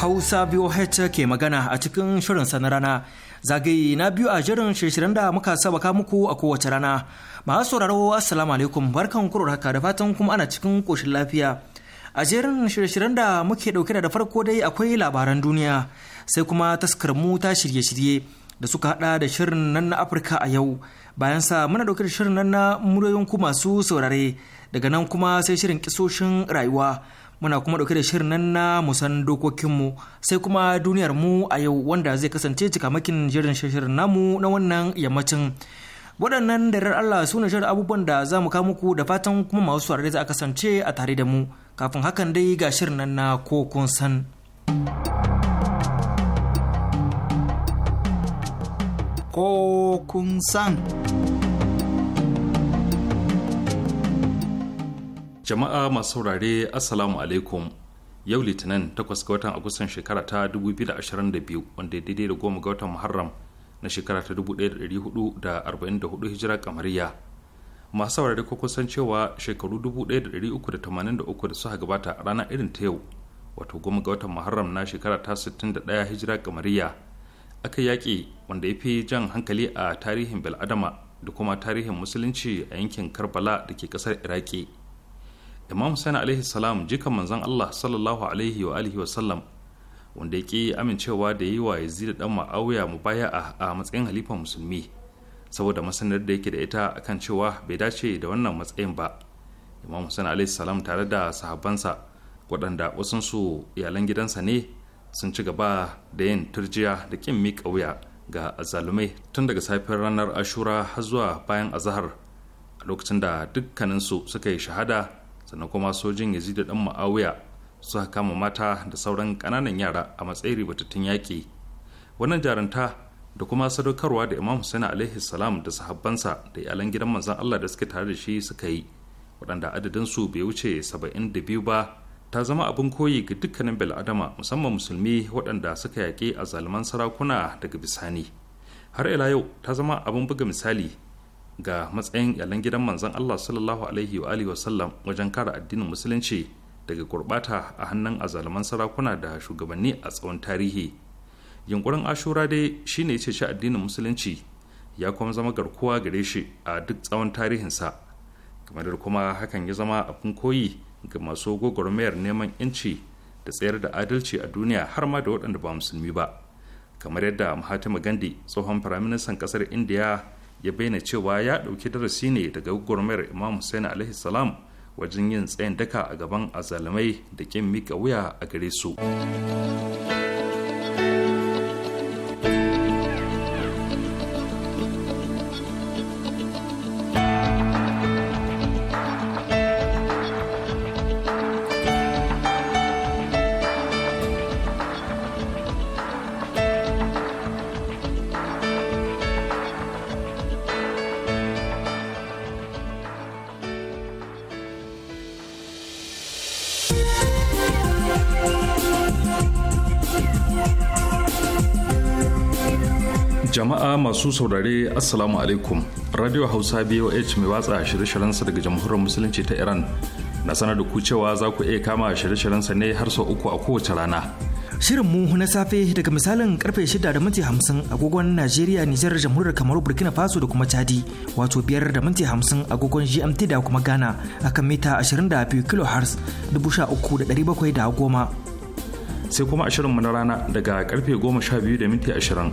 Hausa biyu VOH ke magana a cikin shirin sana rana. Zagaye na biyu a jirin shirin da muka sabaka muku a kowace rana. Masu sauraro Assalamu alaikum barkan kuro haka da fatan kuma ana cikin koshin lafiya. A jerin shirye da muke dauke da farko dai akwai labaran duniya sai kuma taskar mu ta shirye-shirye da suka hada da shirin nan na Afirka a yau. Bayan sa muna dauke da shirin nan na muryoyin ku masu saurare daga nan kuma sai shirin kisoshin rayuwa. muna kuma ɗauke da shirin nan na musan dokokinmu sai kuma duniyar mu a yau wanda zai kasance cikamakin jirin shirin namu na wannan yammacin waɗannan da Allah su ne shirin abubuwan da za mu kawo muku da fatan kuma masu saurare za a kasance a tare da mu kafin hakan dai ga shirin nan na ko kun san. Ko kun san. jama'a masu saurare assalamu alaikum yau litinin 8 ga watan agustan shekara ta 2022 wanda ya daidai da goma ga watan muharram na shekara ta 1444 hijira kamariya masu saurare ko kusan cewa shekaru 1383 da suka gabata a ranar irin ta yau wato goma ga watan muharram na shekara ta 61 hijira kamariya aka yaƙi wanda ya fi jan hankali a tarihin bil'adama da kuma tarihin musulunci a yankin karbala da ke ƙasar iraki imam husaini alaihi salam jikan manzon allah sallallahu alaihi wa alihi wasallam wanda ya ke amincewa da yi wa yazid dan ma'auya baya a matsayin halifar musulmi saboda masanar da yake da ita akan cewa bai dace da wannan matsayin ba imam husaini alaihi salam tare da sahabbansa waɗanda wasansu iyalan gidansa ne sun ci gaba da yin turjiya da kin miƙa wuya ga azalumai tun daga safiyar ranar ashura har zuwa bayan azahar a lokacin da dukkaninsu suka yi shahada sannan kuma sojin yazid dan ma'awiya suka kama mata da sauran ƙananan yara a matsayin ribatattun yaƙi wannan jarunta da kuma sadaukarwa da imam husaini alaihi salam da sahabbansa da iyalan gidan manzon allah da suke tare da shi suka yi waɗanda adadin su bai wuce saba'in da biyu ba ta zama abin koyi ga dukkanin bil'adama musamman musulmi waɗanda suka yaƙi a zaluman sarakuna daga bisani har ila yau ta zama abin buga misali ga matsayin yalan gidan manzon Allah sallallahu alaihi wa alihi wajen kare addinin musulunci daga gurbata a hannun azalman sarakuna da shugabanni a tsawon tarihi yunkurin ashura dai shine ce shi addinin musulunci ya kuma zama garkuwa gare shi a duk tsawon tarihinsa kamar kuma hakan ya zama abin koyi ga masu gwagwarmayar neman yanci da tsayar da adalci a duniya har ma da waɗanda ba musulmi ba kamar yadda mahatma gandhi tsohon firaministan ƙasar indiya ya bayyana cewa ya ɗauki darasi ne daga gwagwarmayar imam hussein alaihi salam wajen yin tsayin daka a gaban azalamai da kin mika wuya a gare su masu saurare assalamu alaikum radio hausa boh mai watsa shirye-shiryensa daga jamhuriyar musulunci ta iran na sanar da ku cewa za ku iya kama shirye-shiryensa ne har sau uku a kowace rana shirin mu na safe daga misalin karfe shida da minti hamsin agogon najeriya nijar jamhuriyar kamar burkina faso da kuma chadi wato biyar da minti hamsin agogon gmt da kuma ghana akan mita 22 kilohertz goma. sai kuma ashirin mu na rana daga karfe goma sha biyu da minti ashirin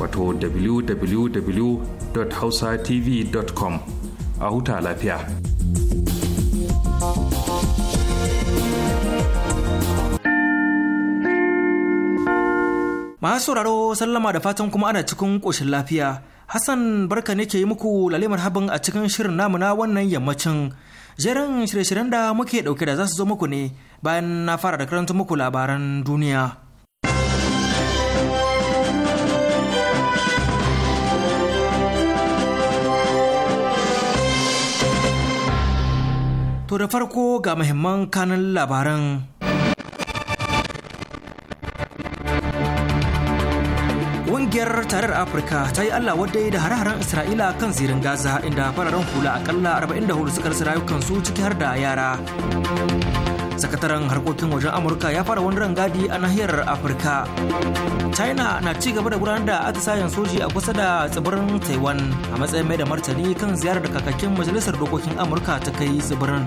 wato www.hausatv.com a huta lafiya. Masu sauraro sallama da fatan kuma ana cikin ƙoshin lafiya. Hassan barka ne yi muku lalimar habin a cikin shirin namuna wannan yammacin. Jerin shirye-shiryen da muke ɗauke da za su zo muku ne bayan na fara da karanta muku labaran duniya. To da farko ga muhimman kanan labaran. Ƙungiyar tarar Afirka ta yi Allah wadai da hare Isra'ila kan zirin Gaza inda fararen hula akalla 44 suka rasa su ciki har da yara. sakataren harkokin wajen amurka ya fara wani rangadi a nahiyar afirka china na ci gaba da gudanar da atisayen soji a kusa da tsibirin taiwan a matsayin mai da martani kan ziyarar da kakakin majalisar dokokin amurka ta kai tsibirin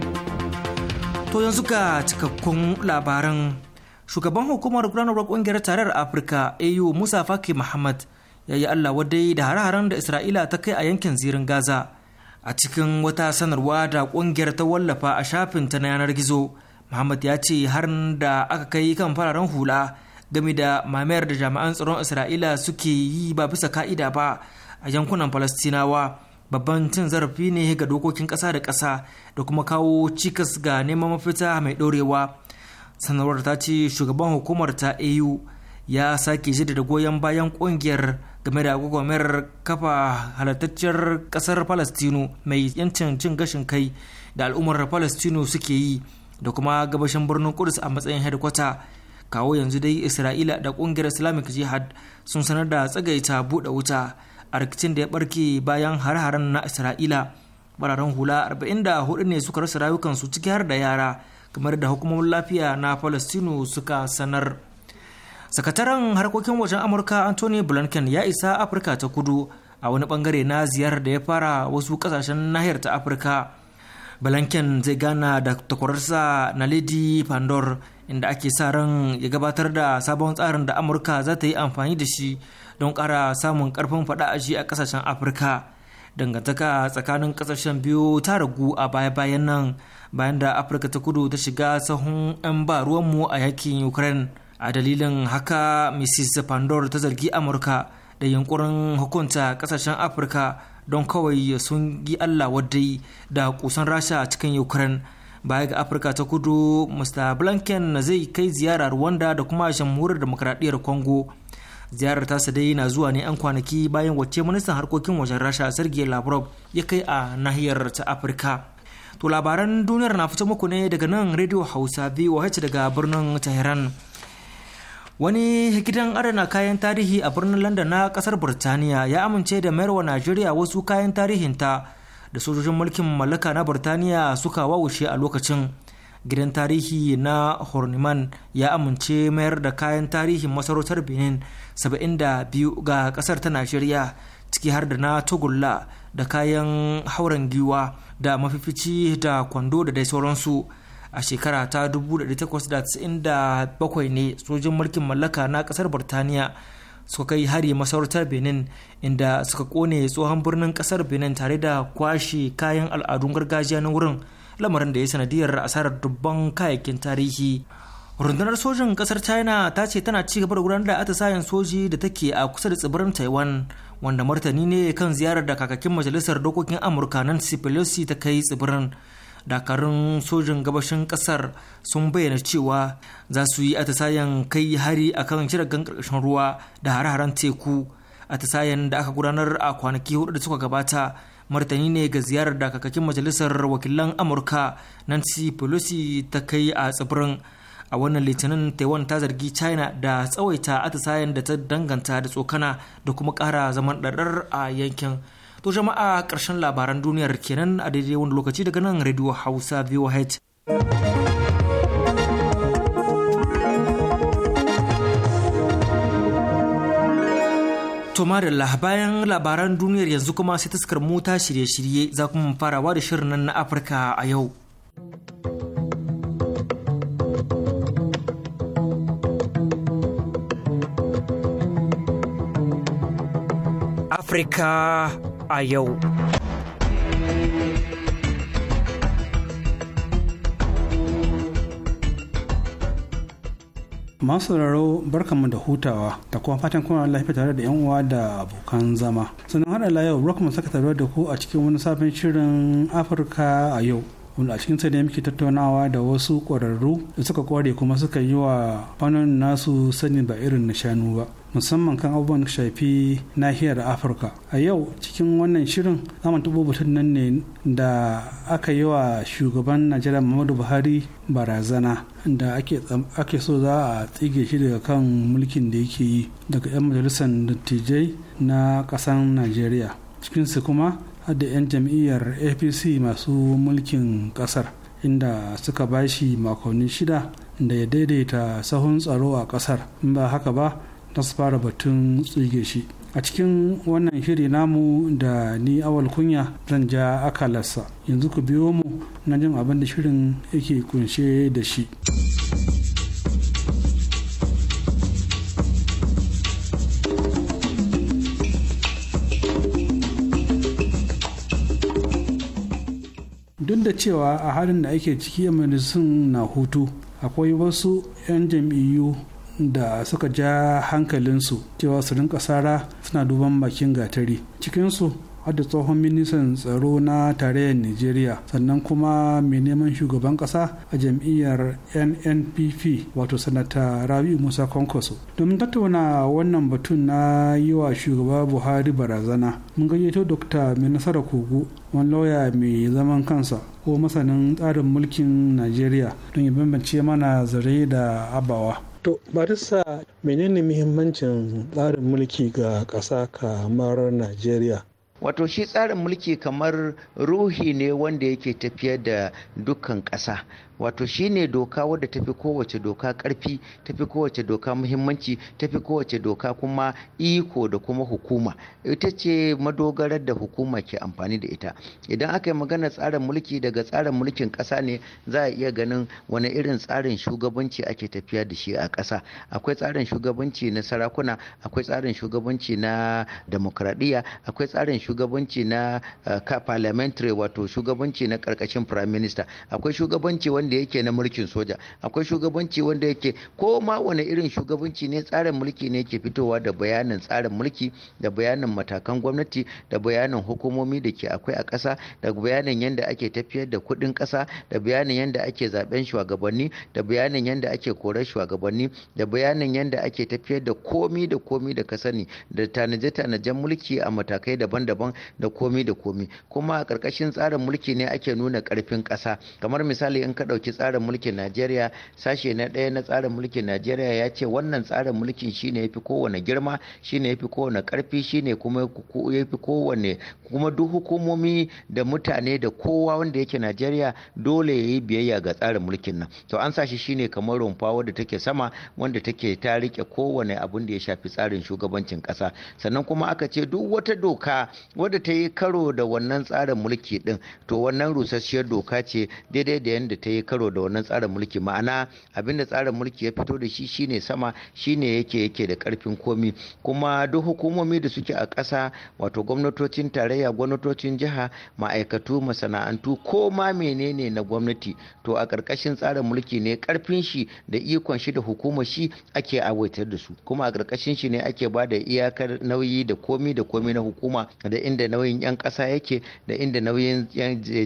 to yanzu ga cikakkun labaran shugaban hukumar gudanarwar kungiyar tarayyar afirka au musa faki muhammad ya yi allah wadai da hare-haren da isra'ila ta kai a yankin zirin gaza a cikin wata sanarwa da kungiyar ta wallafa a shafin ta na yanar gizo Muhammad ya ce har da aka kai kan fararen hula game da mamayar da jami'an tsaron Isra'ila suke yi ba bisa ka'ida ba a yankunan Falastinawa babban cin zarafi ne ga dokokin ƙasa da ƙasa da kuma kawo cikas ga neman mafita mai ɗorewa. Sanarwar ta ce shugaban hukumar ta AU ya sake da goyon bayan ƙungiyar game da gwagwamar kafa halartacciyar ƙasar Falastinu mai yancin cin gashin kai da al'ummar Falastinu suke yi. da kuma gabashin birnin Kudus a matsayin headquarter Kawo yanzu dai Isra'ila da kungiyar Islamic Jihad sun sanar da tsagaita buɗe wuta a rikicin da ya barke bayan har-haren na Isra'ila. Bararen hula 44 ne suka rasa rayukansu ciki har da yara kamar da hukumomin lafiya na Falastinu suka sanar. Sakataren harkokin wajen Amurka Anthony Blinken ya isa Afirka ta kudu a wani bangare na ziyarar da ya fara wasu kasashen nahiyar ta Afirka. balanken zai gana da takwararsa na lady pandor inda ake sa ran ya gabatar da sabon tsarin da amurka za ta yi amfani da shi don kara samun karfin faɗa a shi a kasashen afirka dangantaka tsakanin ƙasashen biyu ta ragu a baya-bayan nan bayan da afirka ta kudu ta shiga sahun 'yan ba ruwanmu a yakin ukraine a dalilin haka mrs pandor ta zargi amurka da yunkurin hukunta ƙasashen afirka don kawai sun yi allah wadai da kusan rasha a cikin ukraine baya ga afirka ta kudu mr blinken zai kai ziyarar rwanda da kuma jamhuriyar demokradiyyar congo ziyarar tasa dai na zuwa ne an kwanaki bayan wacce ministan harkokin wajen rasha sergei lavrov ya kai a nahiyar ta afirka to labaran duniyar na fito muku ne daga nan radio hausa voh daga birnin tehran wani gidan adana kayan tarihi a birnin london na kasar burtaniya ya amince da mayarwa najeriya wasu kayan tarihinta da sojojin mulkin mallaka na burtaniya suka wawushe a lokacin gidan tarihi na horniman ya amince mayar da kayan tarihin masarautar benin da biyu ga kasar ta najeriya ciki har da na tugulla da kayan hauren giwa da mafifici da kwando da dai sauransu a shekara ta 1897 ne sojin mulkin mallaka na kasar birtaniya suka kai hari masarautar benin inda suka kone tsohon birnin kasar benin tare da kwashe kayan al'adun gargajiya na wurin lamarin da ya sanadiyar asarar dubban kayayyakin tarihi rundunar sojin kasar china ta ce tana ci gaba da gudanar da atisayen soji da take a kusa da tsibirin taiwan wanda martani ne kan ziyarar da kakakin majalisar dokokin amurka nancy pelosi ta kai tsibirin dakarun sojin gabashin kasar sun bayyana cewa za su yi atisayen kai hari akan jiragen karkashin ruwa da hare-haren teku atisayen da aka gudanar a kwanaki hudu da suka gabata martani ne ga ziyarar dakakakin majalisar wakilan amurka nancy pelosi ta kai a tsibirin a wannan litinin taiwan ta zargi china da tsawaita atisayen da ta danganta da tsokana da kuma kara zaman ɗarɗar a yankin To jama'a ƙarshen labaran duniyar kenan a daidai wani lokaci daga nan Radio Hausa VOH. Tomarilla bayan labaran duniyar yanzu kuma sai taskar mota shirye-shirye za kuma farawa da shirin nan na Afirka a yau. Afirka a yau. masu sauraro barkanmu da hutawa da kuma fatan kuna lafiya tare da yan uwa da abokan zama sannan haɗa la yau rock saka tare da ku a cikin wani sabon shirin afirka a yau wanda a cikin ne muke tattaunawa da wasu ƙwararru da suka ƙware kuma suka yi wa fannin nasu sani ba irin na shanu ba musamman kan abubuwan shafi nahiyar afirka a yau cikin wannan shirin zamu taɓo batun nan ne da aka yi wa shugaban najeriya muhammadu buhari barazana da ake so za a tsige shi daga kan mulkin da yake yi daga 'yan majalisar dattijai na ƙasar najeriya cikinsu kuma da 'yan jam'iyyar apc masu mulkin ƙasar inda suka bashi makonni shida da ya daidaita sahun tsaro a ƙasar in ba haka ba ta fara batun tsige shi a cikin wannan shiri namu da ni awal kunya zan ja akalarsa yanzu ku biyo mu na jin abin da shirin yake kunshe da shi duk da cewa a halin da ake ciki a na hutu akwai wasu 'yan jam'iyyu da suka ja hankalinsu cewa su rinka sara suna duban bakin gatari cikinsu da tsohon ministan tsaro na tarayyar nigeria sannan kuma mai neman shugaban kasa a jam'iyyar nnpp wato sanata rabi musa konkoso domin tattauna wannan batun na yi wa shugaba buhari barazana mun gayyato dokta mai nasara kogo wani lauya mai zaman kansa ko masanin tsarin mulkin nigeria don ya bambance mana zare da abawa To, barista menene muhimmancin tsarin mulki ga ƙasa kamar Najeriya? Wato shi tsarin mulki kamar ruhi ne wanda yake tafiyar da dukkan ƙasa. wato shine doka wadda tafi kowace doka karfi tafi kowace doka muhimmanci tafi kowace doka kuma iko da kuma hukuma ita ce madogarar da hukuma ke amfani da ita idan aka yi magana tsarin mulki daga tsarin mulkin ƙasa ne za a iya ganin wani irin tsarin shugabanci ake tafiya da shi a ƙasa akwai tsarin shugabanci na sarakuna akwai tsarin shugabanci na demokradiyya akwai tsarin shugabanci na eh, parliamentary wato shugabanci na karkashin prime minister akwai shugabanci wani wanda yake na mulkin soja akwai shugabanci wanda yake ko ma wani irin shugabanci ne tsarin mulki ne yake fitowa da bayanin tsarin mulki da bayanin matakan gwamnati da bayanin hukumomi da ke akwai a ƙasa da bayanin yadda ake tafiyar da kuɗin ƙasa da bayanin yadda ake zaben shugabanni da bayanin yadda ake korar shugabanni da bayanin yadda ake tafiyar da komi da komi da kasani da tanaje-tanajen mulki a matakai daban-daban da komi da komi kuma a ƙarƙashin tsarin mulki ne ake nuna ƙarfin ƙasa kamar misali in ka ɗauki tsarin mulkin najeriya sashe na ɗaya na tsarin mulkin najeriya ya ce wannan tsarin mulkin shine ya fi kowane girma shine ya fi kowane ƙarfi shine kuma ya fi kowane kuma duk hukumomi da mutane da kowa wanda yake najeriya dole ya yi biyayya ga tsarin mulkin nan to an sashi shine kamar rumfa wadda take sama wanda take ta riƙe kowane abin da ya shafi tsarin shugabancin ƙasa sannan kuma aka ce duk wata doka wadda ta yi karo da wannan tsarin mulki din to wannan rusasshiyar doka ce daidai da yadda ta yi karo da wannan tsarin mulki ma'ana abinda tsarin mulki ya fito da shi shine sama shine yake yake da karfin komi kuma duk hukumomi da suke a ƙasa wato gwamnatocin tarayya gwamnatocin jiha ma'aikatu masana'antu ko ma menene na gwamnati to a ƙarƙashin tsarin mulki ne karfin shi da ikon shi da hukumar shi ake awaitar da su kuma a ƙarƙashin shi ne ake ba da iyakar nauyi da komi da komi na hukuma da inda nauyin 'yan ƙasa yake da inda nauyin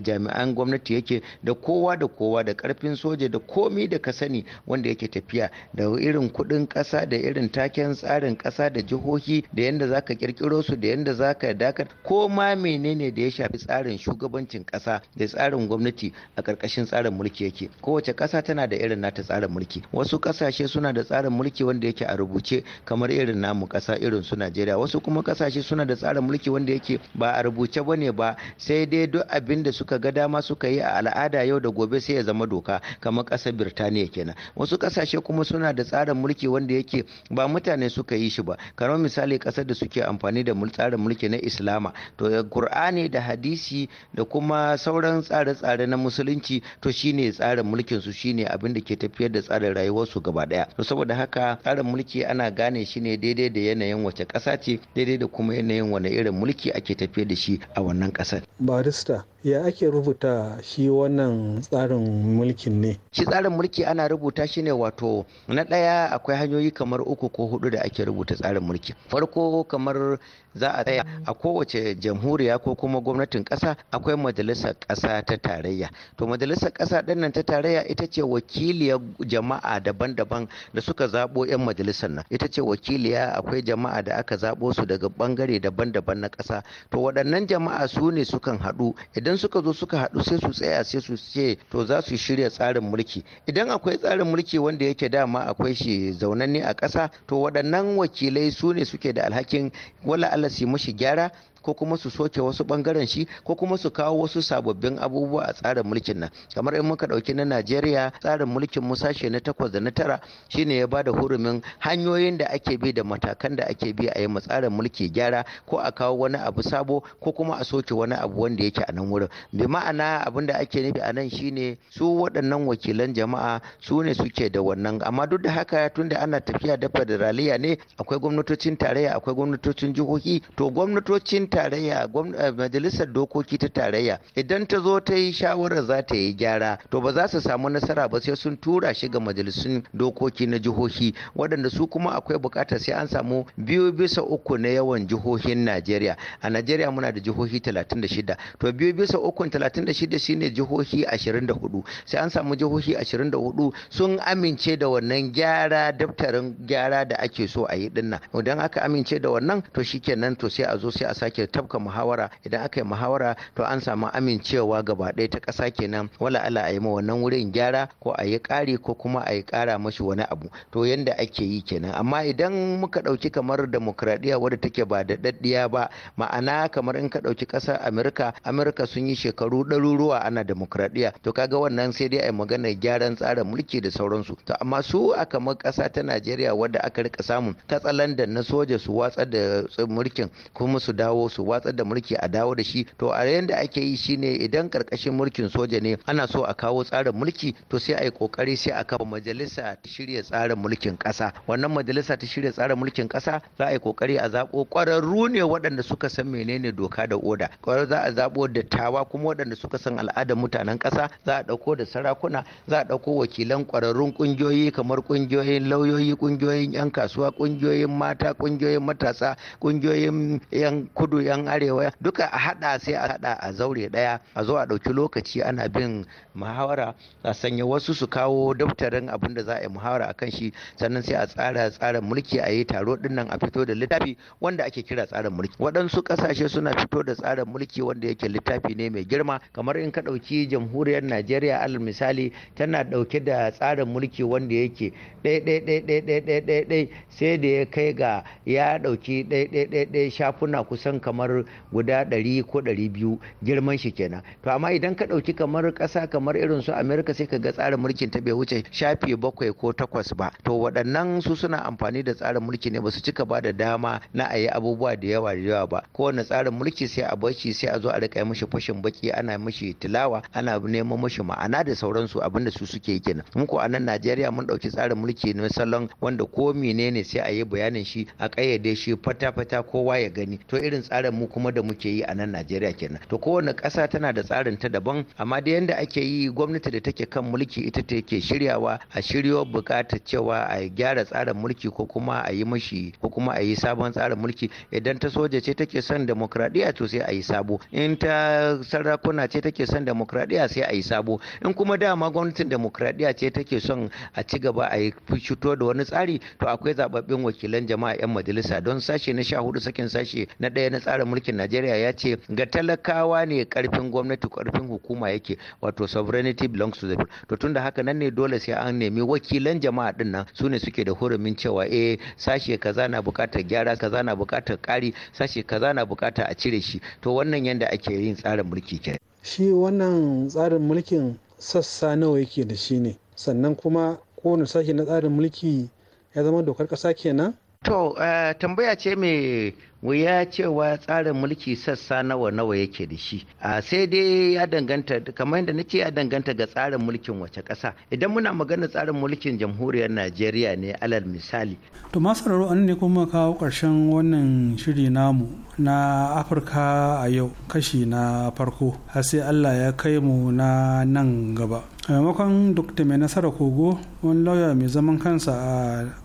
jami'an gwamnati yake da kowa da kowa da da karfin soja da komi da ka sani wanda yake tafiya da irin kudin kasa da irin taken tsarin kasa da jihohi da yadda za ka kirkiro su da yadda za ka dakar ko ma menene da ya shafi tsarin shugabancin kasa da tsarin gwamnati a ƙarƙashin tsarin mulki yake kowace kasa tana da irin nata tsarin mulki wasu kasashe suna da tsarin mulki wanda yake a rubuce kamar irin namu kasa irin su Najeriya wasu kuma kasashe suna da tsarin mulki wanda yake ba a rubuce bane ba sai dai duk abin da suka ga dama suka yi a al'ada yau da gobe sai ya zama doka kamar ƙasar birtaniya kenan wasu ƙasashe kuma suna da tsarin mulki wanda yake ba mutane suka yi shi ba kamar misali ƙasar da suke amfani da tsarin mulki na islama to qur'ani eh, da hadisi da kuma sauran tsare-tsare na musulunci to shine tsarin mulkin su shine abin da ke tafiyar da tsarin rayuwarsu gaba daya to saboda haka tsarin mulki ana gane shi ne daidai da yanayin wace ƙasa ce daidai da kuma yanayin wani irin mulki ake tafiyar da shi a wannan ƙasar barista ya ake rubuta shi wannan tsarin mulkin ne shi tsarin mulki ana rubuta shi ne wato na ɗaya akwai hanyoyi kamar uku ko hudu da ake rubuta tsarin mulki farko kamar za a tsaya a kowace jamhuriya ko kuma gwamnatin ƙasa akwai majalisar ƙasa ta tarayya to majalisar ƙasa ɗinnan ta tarayya ita ce wakiliyar jama'a daban-daban da suka zabo 'yan majalisar nan ita ce wakiliya akwai jama'a da aka zaɓo su daga ɓangare daban-daban na ƙasa to waɗannan jama'a su ne sukan haɗu idan idan suka zo suka haɗu sai su tsaya sai su ce to za su shirya tsarin mulki idan akwai tsarin mulki wanda yake dama akwai shi zaunanne a ƙasa to waɗannan wakilai su ne suke da alhakin wala su yi mashi gyara ko kuma su soke wasu bangaren shi ko kuma su kawo wasu sababbin abubuwa a tsarin mulkin nan kamar in muka dauki na Najeriya tsarin mulkin musa sashe na takwas da na tara shine ya bada hurumin hanyoyin da ake bi da matakan da ake bi a yi tsarin mulki gyara ko a kawo wani abu sabo ko kuma a soke wani abu wanda yake a nan wurin bi ma'ana abin da ake nufi a nan shine su waɗannan wakilan jama'a su ne suke da wannan amma duk da haka tunda ana tafiya da federaliya ne akwai gwamnatocin tarayya akwai gwamnatocin jihohi to gwamnatocin tarayya eh, majalisar dokoki ta tarayya idan ta zo ta yi shawarar za ta yi gyara to ba za su samu nasara ba sai sun tura shi ga majalisun dokoki na jihohi waɗanda su kuma akwai buƙatar sai an samu biyu bisa uku na yawan jihohin najeriya a najeriya muna da jihohi 36 to biyu bisa da 36 shine jihohi 24 sai an samu jihohi 24 sun amince da wannan gyara daftarin gyara da ake so a yi dinnan idan aka amince da wannan to shikenan to sai a zo sai a sake ke tafka muhawara idan aka yi muhawara to an samu amincewa gaba ɗaya ta ƙasa kenan wala ala a yi ma wannan wurin gyara ko a yi ƙari ko kuma a yi ƙara mashi wani abu to yanda ake yi kenan amma idan muka ɗauki kamar demokradiyya wadda take ba da daddiya ba ma'ana kamar in ka ɗauki ƙasar amurka amurka sun yi shekaru ɗaruruwa ana demokradiyya to kaga wannan sai dai a yi maganar gyaran tsarin mulki da sauransu to amma su a kamar ƙasa ta najeriya wadda aka rika samun katsalandan na soja su watsa da mulkin kuma su dawo su watsar da mulki a dawo da shi to a yayin da ake yi shine idan karkashin mulkin soja ne ana so a kawo tsarin mulki to sai a yi kokari sai a kafa majalisa ta shirya tsarin mulkin kasa wannan majalisa ta shirya tsarin mulkin kasa za a yi kokari a zabo kwararru ne waɗanda suka san menene doka da oda kwararru za a zabo dattawa kuma waɗanda suka san al'adar mutanen kasa za a ɗauko da sarakuna za a ɗauko wakilan kwararrun kungiyoyi kamar kungiyoyin lauyoyi kungiyoyin yan kasuwa kungiyoyin mata kungiyoyin matasa kungiyoyin yan kudu kudu yan arewa duka a hada sai a hada a zaure daya a zo a dauki lokaci ana bin muhawara a sanya wasu su kawo daftarin abin da za a yi muhawara akan shi sannan sai a tsara tsarin mulki a yi taro dinnan a fito da littafi wanda ake kira tsarin mulki waɗansu ƙasashe suna fito da tsarin mulki wanda yake littafi ne mai girma kamar in ka ɗauki jamhuriyar najeriya al misali tana ɗauke da tsarin mulki wanda yake ɗai sai da ya kai ga ya ɗauki ɗai shafuna kusan kamar kamar guda ɗari ko ɗari biyu girman shi kenan to amma idan ka ɗauki kamar ƙasa kamar irin su amerika sai ka ga tsarin mulkin ta bai wuce shafi bakwai ko takwas ba to waɗannan su suna amfani da tsarin mulki ne ba su cika ba da dama na a yi abubuwa da yawa da yawa ba kowane tsarin mulki sai a barci sai a zo a riƙa mishi fashin baki ana mishi tilawa ana neman mishi ma'ana da sauransu abinda su suke kenan mun ko a nan najeriya mun ɗauki tsarin mulki ne salon wanda ko menene sai a yi bayanin shi a ƙayyade shi fata-fata kowa ya gani to irin tsarin tsarin mu kuma da muke yi a nan Najeriya kenan to kowane ƙasa tana da tsarin ta daban amma da yanda ake yi gwamnati da take kan mulki ita take shiryawa a shiryo bukata cewa a gyara tsarin mulki ko kuma a yi mashi ko kuma a yi sabon tsarin mulki idan ta soja ce take son demokradiya to sai a yi sabo in ta sarakuna ce take son demokradiya sai a yi sabo in kuma dama gwamnatin demokradiya ce take son a ci gaba a yi fito da wani tsari to akwai zababbin wakilan jama'a 'yan majalisa don sashe na sha hudu sakin sashe na ɗaya na tsarin mulkin Najeriya ya ce ga talakawa ne karfin gwamnati karfin hukuma yake wato sovereignty belongs to the people to tunda haka nan ne dole sai an nemi wakilan jama'a din nan su suke da hurumin cewa eh sashe kaza na bukatar gyara kaza na bukatar kari sashe kaza na bukata a cire shi to wannan yanda ake yin tsarin mulki kenan shi wannan tsarin mulkin sassa nawa yake da shi ne sannan kuma kowane sashe na tsarin mulki ya zama dokar kasa kenan to eh, tambaya ce mai wuya cewa tsarin mulki sassa nawa nawa yake da shi a sai dai ya danganta kamar yadda nace ya danganta ga tsarin mulkin wace ƙasa idan muna magana tsarin mulkin jamhuriyar najeriya ne alal misali to masararo an ne kuma kawo ƙarshen wannan shiri namu na afirka a yau kashi na farko har sai allah ya kai mu na nan gaba a maimakon da mai nasara kogo wani lauya mai zaman kansa a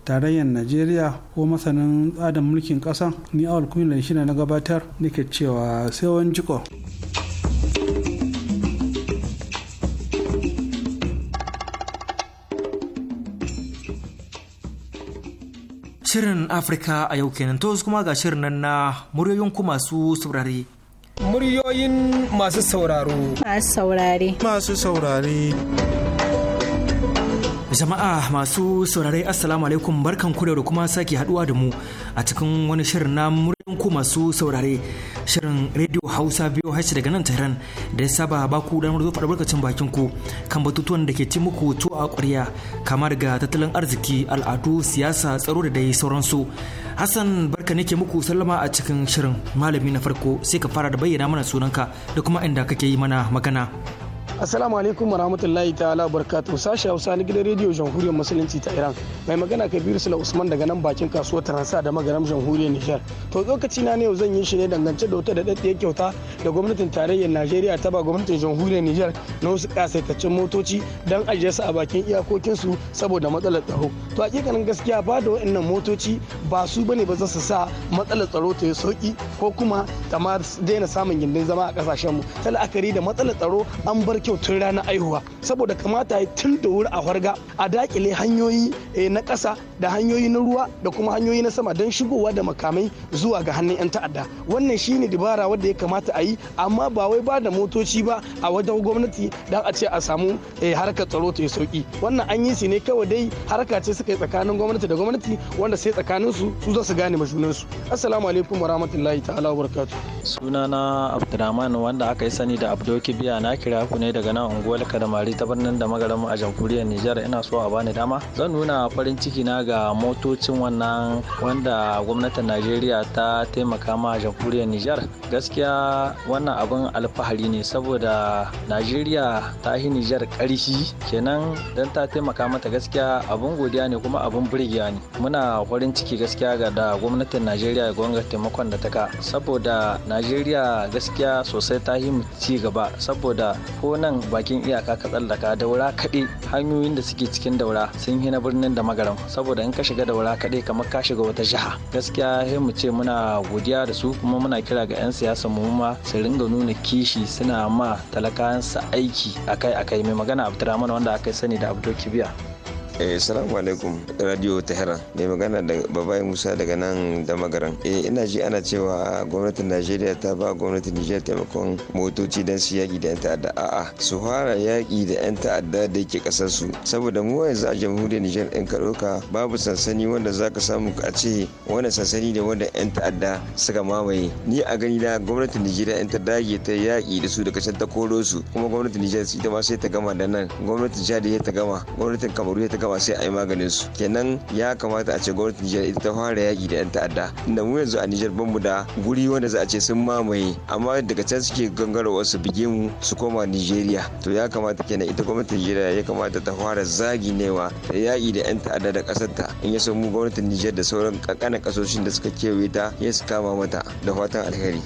tarayyar najeriya ko masanin tsarin mulkin ƙasa ni awal awal kunyar shi na gabatar nake cewa sai wani jiko. Shirin Afirka a yau kenan to kuma ga shirin nan na muryoyin ku masu saurare. Muryoyin masu sauraro. Masu saurare. Masu saurare. Jama'a masu saurare Assalamu alaikum barkan kure da kuma sake haduwa da mu a cikin wani shirin na muryan ku masu saurare shirin Radio Hausa biyu hashi daga nan Tehran da ya saba ba ku damar zo faɗa barkacin bakin ku kan batutuwan da ke ci muku to a ƙwarya kamar ga tattalin arziki al'adu siyasa tsaro da dai sauransu. Hassan barka nake muku sallama a cikin shirin malami na farko sai ka fara da bayyana mana sunanka da kuma inda kake yi mana magana. Assalamu alaikum warahmatullahi ta'ala barkatu sashi Hausa na gidan rediyo Jamhuriyar Musulunci ta Iran. Mai magana Kabiru Sula Usman daga nan bakin kasuwar Taransa da magaram Jamhuriyar Nijar. To lokaci na yau zan yi shi ne dangance da wata da daddiyar kyauta da gwamnatin tarayyar Najeriya ta ba gwamnatin Jamhuriyar Nijar na wasu kasaitaccen motoci don ajiye su a bakin iyakokin su saboda matsalar tsaro. To hakikanin gaskiya ba da wa'annan motoci ba su bane ba za su sa matsalar tsaro ta yi sauki ko kuma ta daina samun gindin zama a kasashen mu Ta la'akari da matsalar tsaro an bar kyau tun ranar aihuwa saboda kamata ya tun da wuri a farga a dakile hanyoyi eh, na ƙasa da hanyoyi na ruwa da kuma hanyoyi na sama don shigowa da makamai zuwa ga hannun 'yan ta'adda wannan shine dibara wadda ya kamata a yi amma ba wai ba da motoci ba a wajen gwamnati don a ce a samu eh, harkar tsaro ta yi sauki wannan an yi su ne kawai dai harka ce suka yi tsakanin gwamnati da gwamnati wanda sai tsakanin su su za su gane su assalamu alaikum warahmatullahi ta'ala wabarakatuh sunana abdurrahman wanda aka yi sani da abdoki biya na kira ku ne daga nan unguwar kadamari ta birnin da magaramu a jamhuriyar Nijar ina so a bani dama zan nuna farin ciki na ga motocin wannan wanda gwamnatin Najeriya ta taimaka ma jamhuriyar Nijar gaskiya wannan abin alfahari ne saboda Najeriya ta yi Nijar ƙarshi kenan dan ta taimaka mata gaskiya abin godiya ne kuma abin burgiya ne muna farin ciki gaskiya ga da gwamnatin Najeriya gwamnatin taimakon da ta ka saboda Najeriya gaskiya sosai ta yi ci gaba saboda ko na nan bakin iyaka ka tsallaka daura kaɗe hanyoyin da suke cikin daura sun hina birnin da magaram saboda in ka shiga daura kaɗe kamar ka shiga wata jiha gaskiya sai mu ce muna godiya da su kuma muna kira ga 'yan siyasa mu ma su ringa nuna kishi suna ma talakansa aiki akai akai mai magana abdurrahman wanda aka sani da abdul kibiya eh salamu alaikum radio tehran mai magana da babai musa daga nan da magaran eh ina ji ana cewa gwamnatin najeriya ta ba gwamnatin nijar taimakon motoci don su yaki da yan ta'adda a'a su fara yaki da yan ta'adda da yake kasar su saboda mu yanzu a jamhuriyar nijar in ka ɗauka babu sansani wanda za ka samu a ce wani sansani da wanda yan ta'adda suka mamaye ni a gani na gwamnatin nijeriya in ta dage ta yaki da su daga can ta koro su kuma gwamnatin nijar ita ma sai ta gama da nan gwamnatin jihar ya ta gama gwamnatin kamaru ta gama kama sai a yi maganin su kenan ya kamata a ce gwamnatin Nijar ita ta fara yaki da yan ta'adda inda mu yanzu a Nijar ban mu da guri wanda za a ce sun mamaye amma daga can suke gangara su bige mu su koma Nijeriya to ya kamata kenan ita gwamnatin nijar ya kamata ta fara zagi newa da yaki da yan ta'adda da kasar ta in ya so mu gwamnatin Nijar da sauran kankanin kasoshin da suka kewaye ta ya su kama mata da fatan alheri.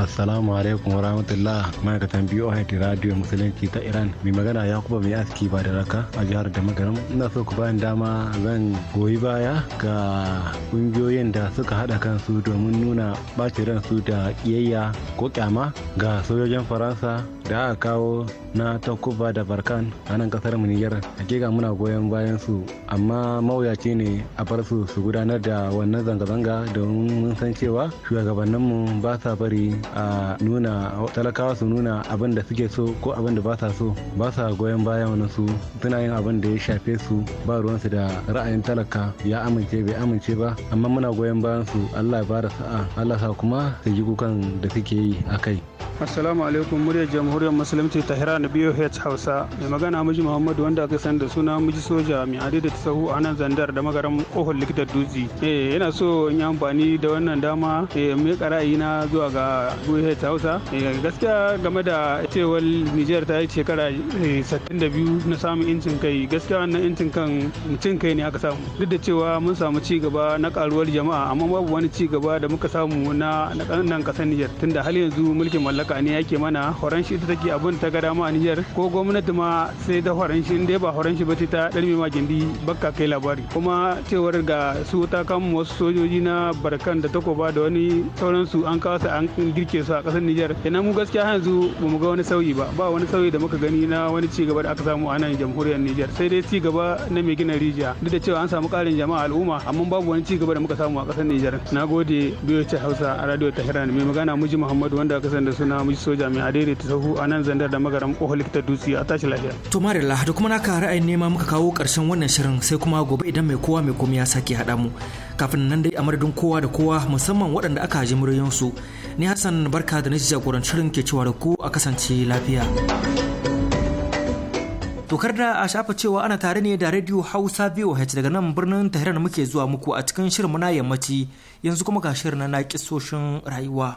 assalamu alaikum warahmatullah ma'aikatan biyu a radio musulunci ta iran mai magana ya kuma mai aski ba da raka a jihar da magana ina so ku bayan dama zan goyi baya ga kungiyoyin da suka hada kansu domin nuna bacin ransu da kiyayya ko kyama ga sojojin faransa da aka kawo na takuba da barkan a nan kasar mu niger hakika muna goyon bayan su amma mawuyaci ne a bar su su gudanar da wannan zanga-zanga domin mun san cewa shugabanninmu ba sa bari a nuna talakawa su nuna abin da suke so ko abin da ba sa so ba sa goyon bayan wani su suna yin abin da ya shafe su ba ruwansu da ra'ayin talaka ya amince bai amince ba amma muna goyon bayan su allah ya bada sa'a allah sa kuma su ji kukan da suke yi a kai assalamu alaikum muryar jamhuriyar musulunci tahira na biyu hausa mai magana miji muhammadu wanda aka san da suna miji soja mai adi da sahu a nan zandar da magaran kohon likitar dutse eh yana so in yi amfani da wannan dama eh mai karayi na zuwa ga biyu hausa eh gaskiya game da cewar nijar ta yi shekara 62 eh, na samun incin kai gaskiya wannan incin kan mutum kai ne aka samu duk da cewa mun samu ci gaba na karuwar jama'a amma babu wani ci gaba da muka samu na nan kasar nijar tunda har yanzu mulkin mallaka ne yake mana horon shi ita take abin ta gada ma a Nijar ko gwamnati ma sai da horon shi ba horon shi ba ta dalmi ma gindi bakka kai labari kuma cewar ga su ta kan wasu sojoji na barkan da takoba da wani sauran su an kawo su an girke su a kasar Nijar kenan mu gaskiya yanzu ba mu ga wani sauyi ba ba wani sauyi da muka gani na wani ci gaba da aka samu a nan jamhuriyar Nijar sai dai ci gaba na mai gina rijiya duk da cewa an samu karin jama'a al'umma amma babu wani ci gaba da muka samu a kasar Nijar nagode biyo ta Hausa a radio Tehran mai magana muji Muhammadu wanda aka san da suna mu ji soja mai adaidaita sahu a nan zandar da magaram ƙohon likita dutse a tashi lafiya. to marilla da kuma naka ra'ayin nema muka kawo ƙarshen wannan shirin sai kuma gobe idan mai kowa mai komai ya sake haɗa mu kafin nan dai a madadin kowa da kowa musamman waɗanda aka ji muryoyinsu ni hassan barka da na shirin ke cewa da ku a kasance lafiya. dokar da a shafa cewa ana tare ne da Radio Hausa VOH daga nan birnin tahirar muke zuwa muku a cikin shirin na yammaci yanzu kuma ga shirin na kisoshin rayuwa.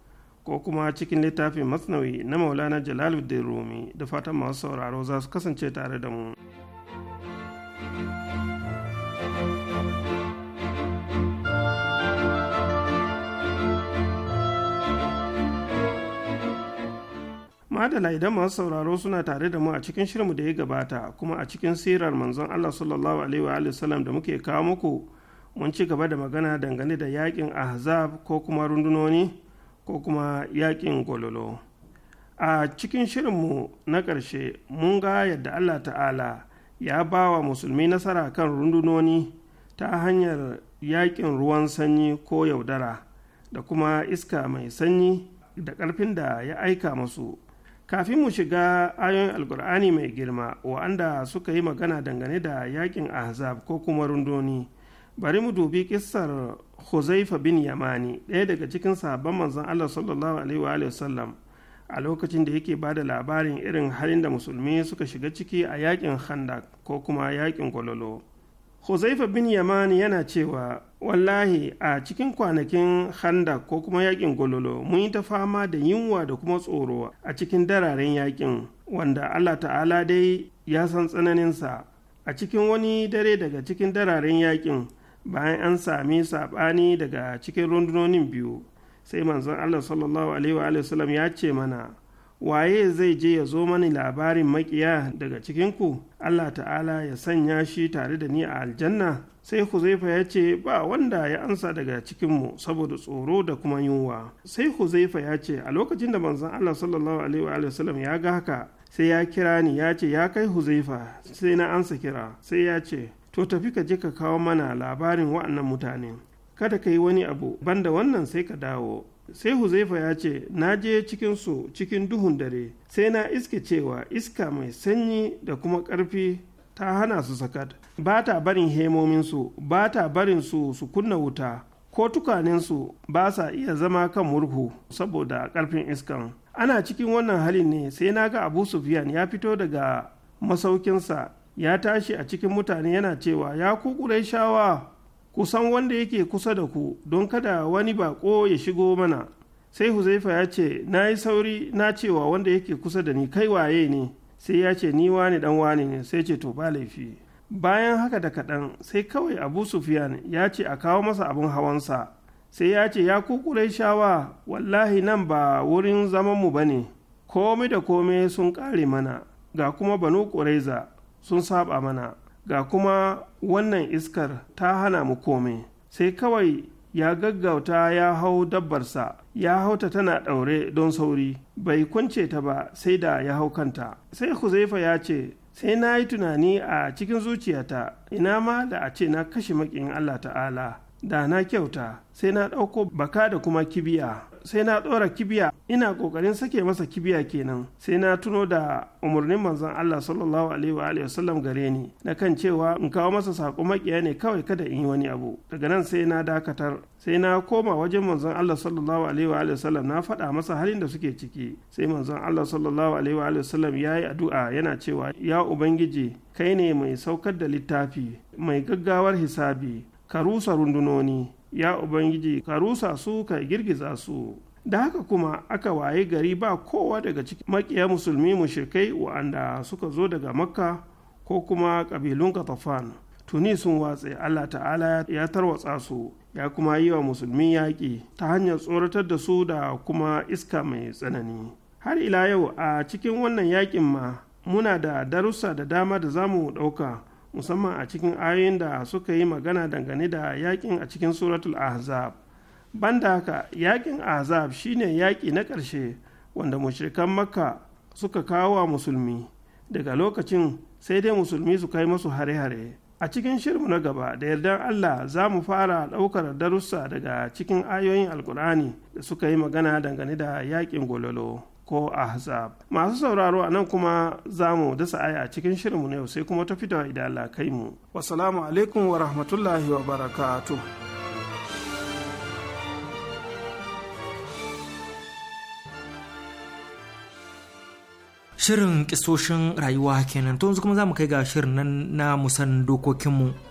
ko kuma cikin littafin masnawi na maulana jalaluddin rumi da fatan masu sauraro za su kasance tare da mu madala idan masu sauraro suna tare da mu a cikin shirmu da ya gabata kuma a cikin sirar manzon allah sallallahu alaihi wa sallam da muke kawo muku mun ci gaba da magana dangane da yakin ahzab ko kuma rundunoni ko kuma yakin gololo a cikin shirinmu na ƙarshe mun ga yadda allah ta'ala ya ba wa musulmi nasara kan rundunoni ta hanyar yakin ruwan sanyi ko yaudara da kuma iska mai sanyi da ƙarfin da ya aika masu kafin mu shiga ayoyin alkur'ani mai girma wa'anda suka yi magana dangane da yakin ahzab ko kuma rundoni bari mu dubi kissar huzaifa bin yamani ɗaya daga cikin sabon manzon allah sallallahu alaihi wa sallam a lokacin da yake bada labarin irin halin da musulmi suka shiga ciki a yakin handak ko kuma yakin gololo huzaifa bin yamani yana cewa wallahi a cikin kwanakin handak ko kuma yakin gololo mun yi ta fama da yunwa da kuma tsoro a cikin dararen yakin wanda allah ta'ala dai ya san tsananinsa a cikin wani dare daga cikin dararen yakin bayan an sami saɓani daga cikin rundunonin biyu sai manzon allah sallallahu alaihi wa ya ce mana waye zai je ya zo mani labarin makiya daga cikinku allah ta'ala ya sanya shi tare da ni a aljanna sai huzaifa ya ce ba wanda ya ansa daga cikinmu saboda tsoro da kuma yunwa sai huzaifa ya ce a lokacin da manzon allah sallallahu alaihi wa ya ga haka sai ya kira ni ya ce ya kai huzaifa sai na ansa kira sai ya ce to tafi ka je ka kawo mana labarin wa'annan mutane kada ka yi wani abu banda wannan sai ka dawo sai huzaifa ya ce na je cikinsu cikin duhun dare sai na iske cewa iska mai sanyi da kuma ƙarfi ta hana su sakat ba ta barin hemominsu ba ta barin su su kunna wuta ko tukaninsu ba sa iya zama kan murhu saboda ƙarfin iskan ana cikin wannan halin ne sai na ga abu Sufiyan ya fito daga masaukinsa ya tashi a cikin mutane yana cewa ya ku ƙurayshawa kusan wanda yake kusa da ku don kada wani baƙo ya shigo mana sai huzaifa ya ce na yi sauri na cewa wanda yake kusa da ni kai waye ne sai ya ce ni wani dan wani ne sai ce to ba laifi bayan haka da kaɗan sai kawai abu sufiyan ya ce a kawo masa abin hawansa sai ya ce ya kukure shawa wallahi nan ba wurin zamanmu ba ne komai da komai sun ƙare mana ga kuma banu ƙuraiza sun saba mana ga kuma wannan iskar ta hana mu kome sai kawai ya gaggauta ya hau dabbarsa ya hauta tana ɗaure don sauri bai kunce ta ba sai da ya hau kanta sai huzaifa ya ce sai na yi tunani a cikin zuciyata ina ma da a ce na kashe maƙin allah ta'ala da na kyauta sai na ɗauko baka da kuma kibiya sai na ɗora kibiya ina ƙoƙarin sake masa kibiya kenan sai na tuno da umarnin manzon Allah sallallahu alaihi wa gare ni na kan cewa in kawo masa sako maƙiya ne kawai kada in yi wani abu daga nan sai na dakatar sai na koma wajen manzon Allah sallallahu alaihi wa na faɗa masa halin da suke ciki sai manzon Allah sallallahu alaihi wa alihi wasallam addu'a yana cewa ya ubangiji kai ne mai saukar da littafi mai gaggawar hisabi ka rusa rundunoni ya ubangiji ka rusa su ka girgiza su da haka kuma aka waye gari ba kowa daga cikin makiya musulmi mushrikai wa'anda suka zo daga makka ko kuma ƙabilun katafan tuni sun watse allah ta'ala ya tarwatsa su ya kuma yi wa musulmi yaƙi ta hanyar tsoratar da su da kuma iska mai tsanani har ila yau a cikin wannan yaƙin ma muna da darussa da dama da zamu mu ɗauka musamman a cikin ayoyin da suka yi magana dangane da yakin a cikin suratul ahzab banda haka yakin ahzab shine yaki na ƙarshe wanda mushrikan makka suka kawo wa musulmi daga lokacin sai dai musulmi su kai masu hare-hare a cikin shirmu na gaba da yardan allah za mu fara ɗaukar darussa daga cikin ayoyin alkur'ani da suka yi magana dangane da yakin gololo. ko ahzab masu sauraro a nan kuma za mu dasa aya a cikin shirinmu na yau sai kuma ta fitowa idan Allah kai mu wasalamu alaikum wa rahmatullahi wa barakatu. Shirin kisoshin rayuwa kenan to yanzu kuma za mu kai ga shirin nan na musan dokokinmu.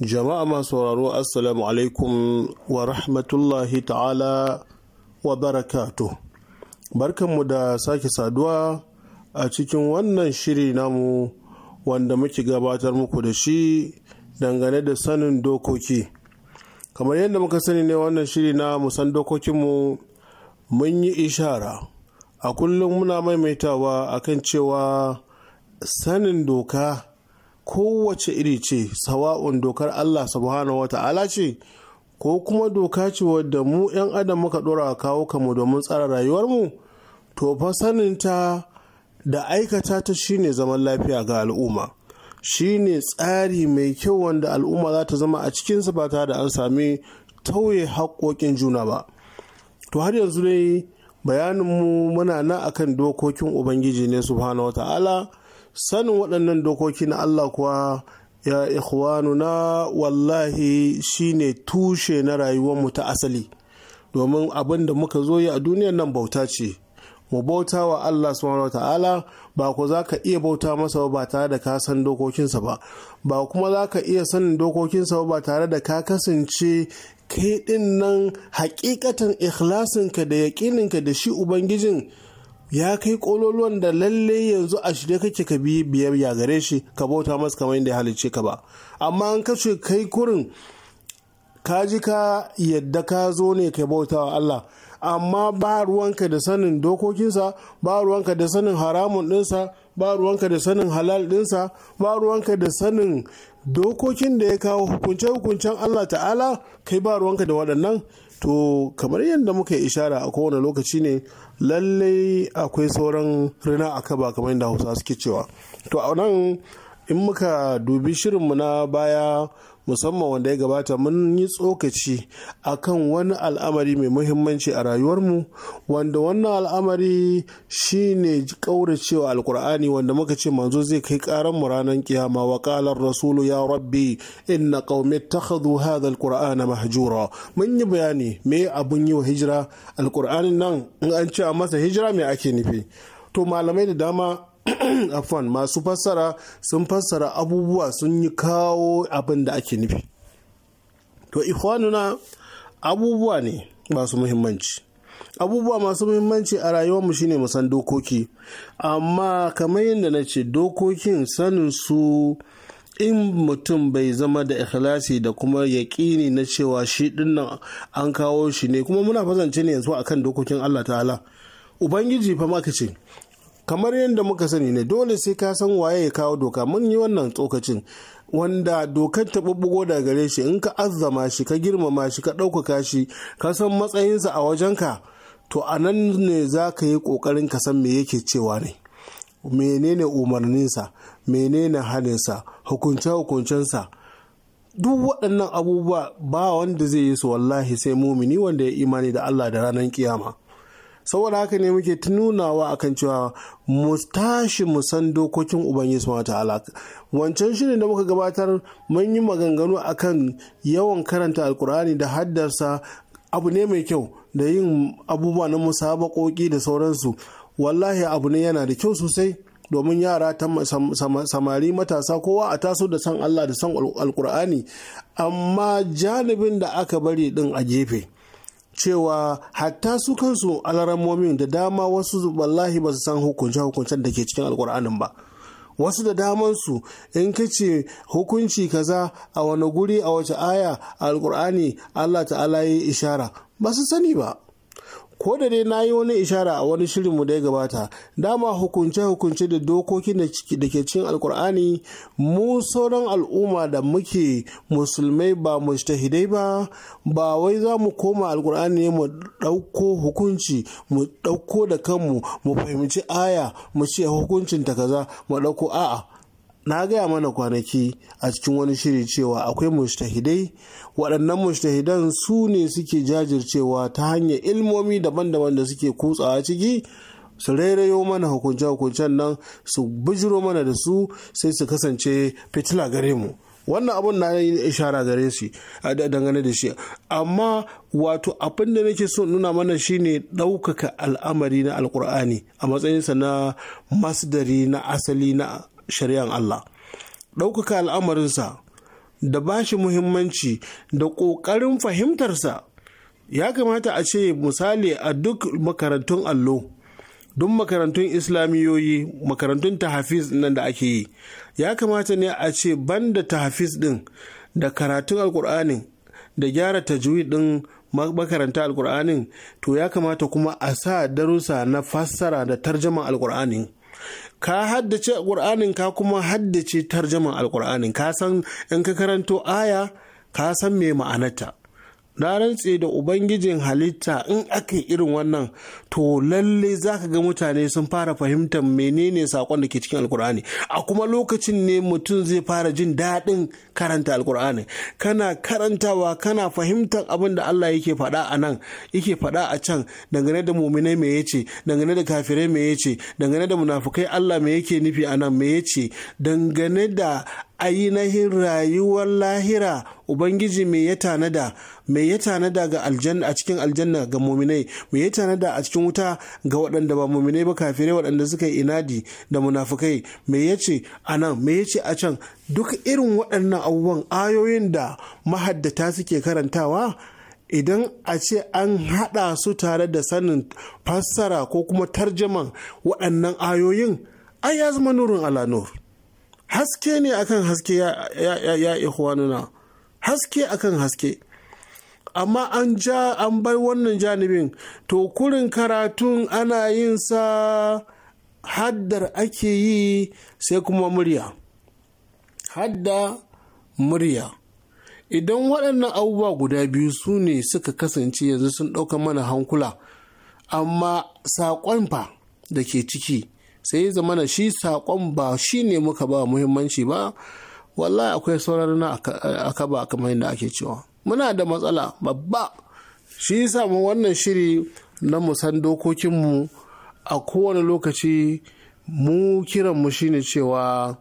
jama'a masu sauraro assalamu alaikum wa rahmatullahi ta'ala wa barakatu barkanmu da sake saduwa a cikin wannan shiri namu wanda muke gabatar muku da shi dangane da sanin dokoki kamar yadda muka sani ne wannan shiri na musan dokokinmu mun yi ishara a kullum muna maimaitawa akan cewa sanin doka kowace iri ce sawa'un dokar Allah subhanahu wa ta'ala ce ko kuma doka ce wadda mu 'yan adam muka dora kawo kamu domin tsara rayuwarmu to fa saninta da aikata ta shine zaman lafiya ga al'umma shine tsari mai kyau wanda al'umma za ta zama a cikinsa ba tare da an sami tauye haƙoƙin juna ba to har yanzu dai bayaninmu muna na akan dokokin ubangiji ne subhanahu wa ta'ala sanin waɗannan dokoki na Allah kuwa ya ikhwanu na wallahi shine tushe na rayuwarmu ta asali domin abin da muka zo yi a duniyar nan bauta ce mu bauta wa Allah subhanahu ta'ala ba ku za ka iya bauta masa ba tare da ka san dokokinsa ba ba kuma za ka iya sanin dokokinsa ba tare da ka kasance kai din nan hakikatan ikhlasinka da yaƙininka da shi ubangijin ya kai kololuwan da lalle yanzu a shirye kake ka bi biyar ya gare shi ka bauta masa kamar yadda ya halice ka ba amma an kashe kai kurin ka ji ka yadda ka zo ne ka bauta wa Allah amma ba ruwanka da sanin dokokinsa ba ruwanka da sanin haramun dinsa. ba ruwanka da sanin halal ɗinsa ba ruwanka da sanin dokokin da ya kawo hukunce-hukuncen Allah ta'ala kai ba ruwanka da waɗannan to kamar yadda muka yi ishara a kowane lokaci ne lallai akwai sauran rina a kaba kamar yadda hausa suke cewa to a nan in muka dubi shirinmu na baya musamman wanda ya gabata mun yi tsokaci kan wani al'amari mai muhimmanci a rayuwarmu wanda wannan al'amari shi ne kauracewa alkur'ani wanda muka ce manzo zai kai karan mu ranar kiyama wa ƙalar rasulu ya rabbi inna ta ittakhadhu hadha alqur'ana mahjura mun yi bayani me abun yi wa hijira alkur'anin nan in an ce a masa hijira me ake nufi to malamai da dama afan masu fassara sun fassara abubuwa sun yi kawo abin da ake nufi to ikhwanuna abubuwa ne masu muhimmanci abubuwa masu muhimmanci a rayuwarmu shine mu san dokoki amma kamar yadda na ce dokokin sanin su in mutum bai zama da ikhlasi da kuma yaƙini na cewa shi dinnan an kawo shi ne kuma muna fasance ne yanzu akan dokokin Allah ta'ala ubangiji fa maka ce kamar yadda muka sani ne dole sai ka san waye ya kawo doka mun yi wannan tsokacin wanda dokar ta bubbugo daga gare shi in ka azzama shi ka girmama shi ka ɗaukaka shi ka san matsayinsa a wajenka to a nan ne za ka yi ƙoƙarin ka san me yake cewa ne menene umarninsa menene haninsa hukunce-hukuncensa duk waɗannan abubuwa ba wanda zai yi su wallahi sai mumini wanda ya imani da Allah da ranar kiyama saboda haka ne muke tunawa akan cewa mu tashi mu san dokokin ubangiji subhanahu ta'ala wancan shirin da muka gabatar mun yi maganganu akan yawan karanta alkur'ani da haddarsa abu ne mai kyau da yin abubuwa na musabakoki da sauransu wallahi abu ne yana da kyau sosai domin yara ta samari matasa kowa a taso da san Allah da san alkur'ani amma janibin da aka bari din a gefe cewa hatta su kansu alaramomin da dama wasu wallahi ba su san hukunce-hukuncen da ke cikin alkur'anin ba wasu da damansu in ka ce hukunci kaza a wani guri a wace aya alkur'ani allah ta'ala yi ishara ba su sani ba ko da dai na yi wani ishara a wani shirinmu da ya gabata dama hukunce-hukunce da dokokin da ke cin alkur'ani mu sauran al'umma da muke musulmai ba mu mujtahidai ba ba wai za mu koma alkur'ani ne mu ɗauko hukunci mu ɗauko da kanmu mu fahimci aya mu ce hukuncin ta kaza mu ɗauko a'a na gaya mana kwanaki a cikin wani shiri cewa akwai mushtahidai waɗannan mushtahidan su ne suke jajircewa ta hanyar ilmomi daban-daban da suke kutsawa ciki su rairayo mana hukunce-hukuncen nan su bijiro mana da su sai su kasance fitila gare mu wannan abun na yin ishara gare shi dangane da shi amma wato abin da nake so nuna mana shine ɗaukaka al'amari na alkur'ani a matsayinsa na masdari na asali na shari'an Allah ɗaukaka al'amarinsa da ba shi muhimmanci da ƙoƙarin fahimtarsa ya kamata a ce misali a duk makarantun allo duk makarantun islamiyoyi makarantun tahafiz nan da ake yi ya kamata ne a ce banda tahafiz ɗin, da karatun alkur'anin da gyara tajwid ɗin makaranta alkur'anin to ya kamata kuma a sa darussa na fassara da tarjaman alkur'anin ka haddace ƙur'anin ka kuma haddace tarjaman alƙur'anin ka san in ka karanto aya ka san me ma'anarta na rantse da ubangijin halitta in aka irin wannan to lalle za ka ga mutane sun fara fahimtar menene sakon da ke cikin alkur'ani a kuma lokacin ne mutum zai fara jin daɗin karanta alkur'ani kana karantawa kana fahimtar abin da allah yake faɗa a nan yake faɗa a can dangane da muminai me yace dangane da kafirai me yace dangane da munafukai allah me yake nufi a nan me yace dangane da ainihin rayuwar lahira ubangiji mai ya tanada mai ya tanada ga aljanna a cikin aljanna ga muminai mai ya tanada a cikin wuta ga waɗanda ba muminai ba kafire waɗanda suka yi inadi da munafukai me ya ce a nan me ya ce a can duk irin waɗannan abubuwan ayoyin da mahaddata suke karantawa idan a ce an haɗa su tare da sanin fassara ko kuma tarjaman waɗannan ayoyin ai ya zama nurin ala nur. haske ne akan haske ya, ya, ya, haske akan haske amma an ja an bai wannan janibin to kurin karatun ana yin sa haddar ake yi sai kuma murya hadda murya idan waɗannan abubuwa guda biyu su ne suka kasance yanzu sun ɗauka mana hankula amma saƙon fa da ke ciki sai ya zama na shi saƙon ba shi ne muka ba muhimmanci ba wallahi akwai sauran na aka ba kamar yadda ake cewa muna da matsala babba shi yasa mu wannan shiri na musan dokokinmu a kowane lokaci mu kiranmu shine cewa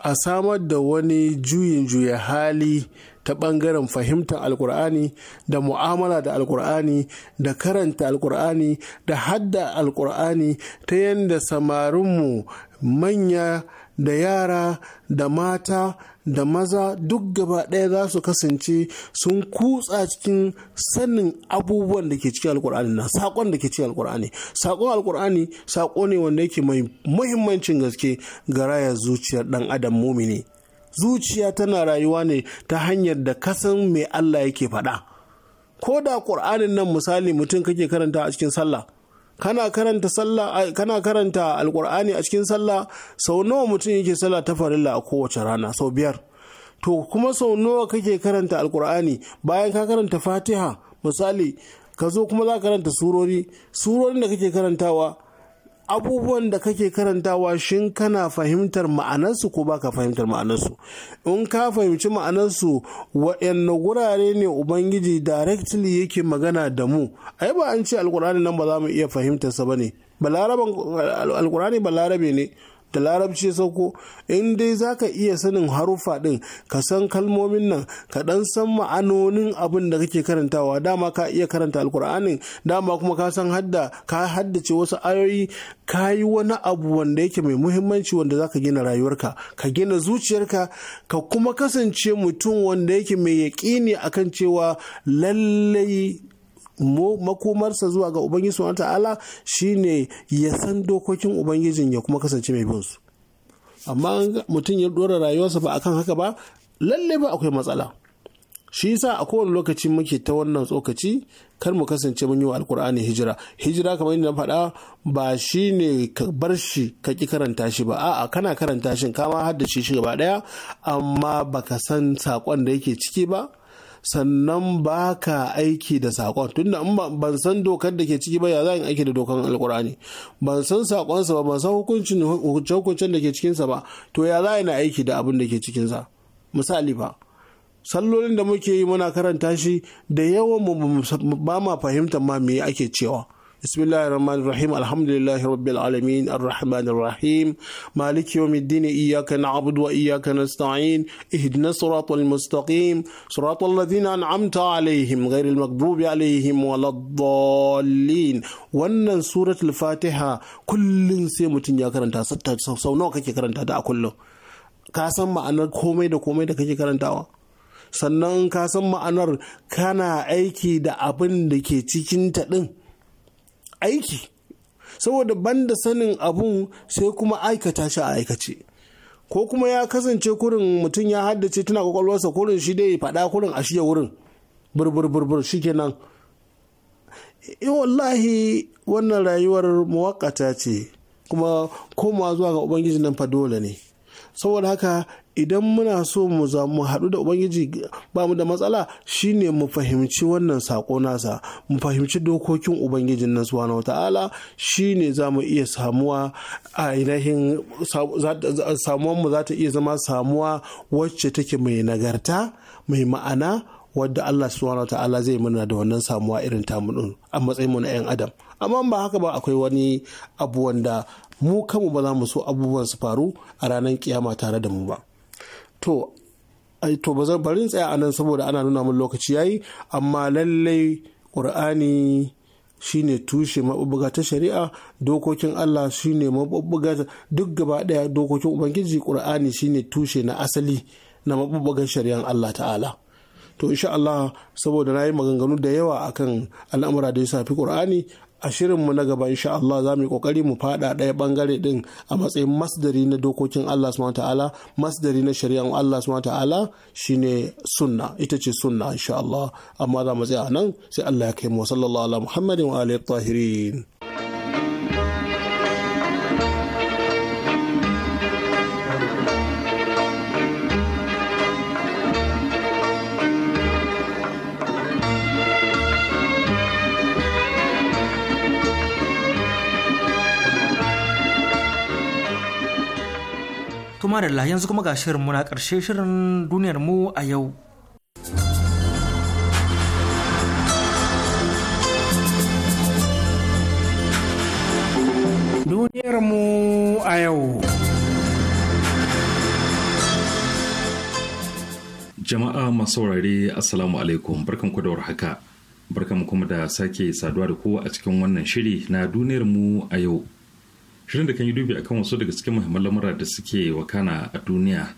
a samar da wani juyin juya hali ta ɓangaren fahimtar alkur'ani da mu'amala da alkur'ani da karanta alkur'ani da hadda alkur'ani ta yadda samarinmu manya da yara da mata da maza duk gaba ɗaya za su kasance sun kutsa cikin sanin abubuwan da ke cikin alkur'ani na saƙon da ke cikin alkur'ani saƙon alkur'ani saƙo ne wanda yake mai muhimmancin gaske ga rayar zuciyar ɗan adam mumini zuciya tana rayuwa ne ta hanyar da kasan mai Allah yake faɗa ko da ƙur'anin nan misali mutum kake karanta a cikin sallah kana karanta sallah kana karanta alƙur'ani a cikin sallah sau nawa mutum yake sallah ta farilla a kowace rana sau biyar to kuma sau nawa kake karanta alƙur'ani bayan ka karanta fatiha misali ka zo kuma za ka karanta surori surorin da kake karantawa abubuwan da kake karantawa shin kana fahimtar ma'anarsu ko baka fahimtar ma'anarsu in ka fahimci ma'anarsu waɗanne wurare ne ubangiji directly yake magana da mu ai ba an ce alkur'ani nan ba za mu iya fahimtarsa ba ne balarabe ne da larabci ya sauko in dai za ka iya sanin haruffa din ka san kalmomin nan ka dan san ma'anonin abin da kake karantawa dama ka iya karanta alkur'anin dama kuma ka san hadda ka haddace wasu ayoyi ka yi wani abu wanda yake mai muhimmanci wanda za ka gina rayuwarka ka gina zuciyarka ka kuma kasance mutum wanda yake mai yaƙini akan cewa lallai makomarsa zuwa ga ubangiji subhanahu ta'ala shine ya san dokokin ubangijin ya kuma kasance mai bin su amma mutum ya dora rayuwarsa ba akan haka ba lalle ba akwai matsala shi yasa a kowane lokaci muke ta wannan tsokaci kar mu kasance mun yi wa alkur'ani hijira hijira kamar yadda na faɗa ba shi ne ka bar shi ka ki karanta shi ba a'a kana karanta shi kama har da shi shi gaba ɗaya amma baka san sakon da yake ciki ba sannan ba ka aiki da saƙon tunda in ban san dokar da ke ciki ba ya za in aiki da dokar alkur'ani ban san saƙonsa ba ban san hukuncin hukuncen da ke cikinsa ba to ya za na aiki da abin da ke cikinsa misali ba sallolin da muke yi muna karanta shi da yawan mu ba ma fahimtar ma me ake cewa بسم الله الرحمن الرحيم الحمد لله رب العالمين الرحمن الرحيم مالك يوم الدين إياك نعبد وإياك نستعين اهدنا الصراط المستقيم صراط الذين أنعمت عليهم غير المكذوب عليهم ولا الضالين wannan suratul fatiha kullum sai mutum ya karanta sau nawa kake karanta a kullum ka san ma'anar komai da komai da kake karantawa sannan ka san ma'anar kana aiki da abin da ke cikinta din aiki saboda banda sanin abun sai kuma aikata shi a aikace ko kuma ya kasance kurin mutum ya haddace tana kwakwalwarsa kurin shi dai faɗa kurin a shiya wurin burburburbur shi kenan eh, wallahi wannan rayuwar muwakkata ce kuma koma zuwa ga ubangiji nan fa dole ne saboda haka idan muna so mu mu haɗu da ubangiji ba mu da matsala shine mu fahimci wannan sako nasa mu fahimci dokokin ubangijin nan suwa subhanahu wata'ala shine za mu iya samuwa a ainihin samuwan mu za ta iya zama samuwa wacce take mai nagarta mai ma'ana wadda Allah subhanahu wata'ala zai mana da wannan samuwa irin tamu din a matsayin mu na 'yan adam amma ba haka ba akwai wani abu wanda mu kanmu ba za mu so abubuwan su faru a ranar kiyama tare da mu ba to to ba zan barin tsaya anan saboda ana nuna min lokaci yayi amma lallai ƙur'ani shine tushe maɓuɓɓuga ta shari'a dokokin Allah shine maɓuɓɓuga duk gaba ɗaya dokokin ubangiji ƙur'ani shine tushe na asali na maɓuɓɓugan shari'an Allah ta'ala to insha Allah saboda na yi maganganu da yawa akan al'amura da ya safi ƙur'ani a shirin mu na gaba insha Allah za mu yi kokari mu fada ɗaya bangare din a matsayin masdari na dokokin Allah subhanahu ta'ala masdari na shari'ar Allah subhanahu ta'ala shine sunna ita ce sunna insha Allah amma za mu tsaya nan sai Allah ya kai mu sallallahu alaihi Muhammadin wa alihi tahirin kuma da yanzu kuma ga shirin muna ƙarshe shirin duniyar mu a yau. Duniyar mu a yau. Jama'a masu saurare Assalamu alaikum barkanku da warhaka. Barkanku kuma da sake saduwa da ku a cikin wannan shiri na duniyar mu a yau. shirin da kan yi dubi akan wasu daga cikin muhimman lamura da suke wakana a duniya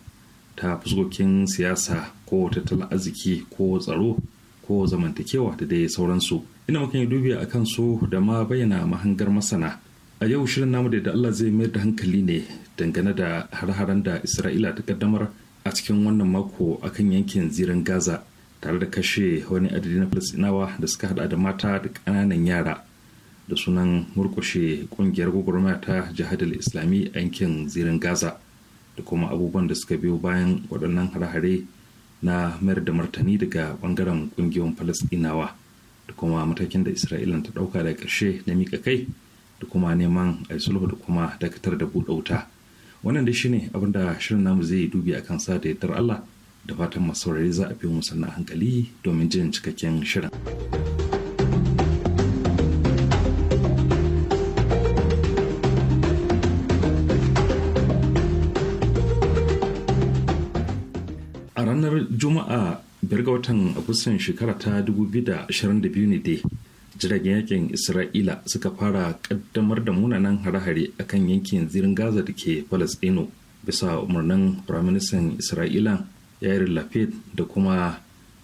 ta fuskokin siyasa ko tattalin arziki ko tsaro ko zamantakewa da dai sauransu ina muka yi dubi a su da ma bayyana mahangar masana a yau shirin namu da Allah zai mayar da hankali ne dangane da har-haren da Isra'ila ta kaddamar a cikin wannan mako akan yankin zirin Gaza tare da kashe wani adadi na Falasɗinawa da suka hada da mata da ƙananan yara da sunan murkushe kungiyar gwagwarmaya ta jihar islami a yankin zirin gaza da kuma abubuwan da suka biyo bayan waɗannan hare-hare na mayar da martani daga ɓangaren ƙungiyoyin falasɗinawa da kuma matakin da isra'ila ta ɗauka da ƙarshe na mika kai da kuma neman a sulhu da kuma dakatar da buɗe wuta wannan da shine abin da shirin namu zai dubi a kansa da yardar allah da fatan masu za a fi musanna hankali domin jin cikakken shirin. juma'a biyar ga watan agustan shekara ta 2022 ne dai jiragen yakin isra'ila suka fara kaddamar da munanan hare-hare akan yankin zirin gaza da ke palestino bisa umarnin firaministan isra'ila yair lafid da kuma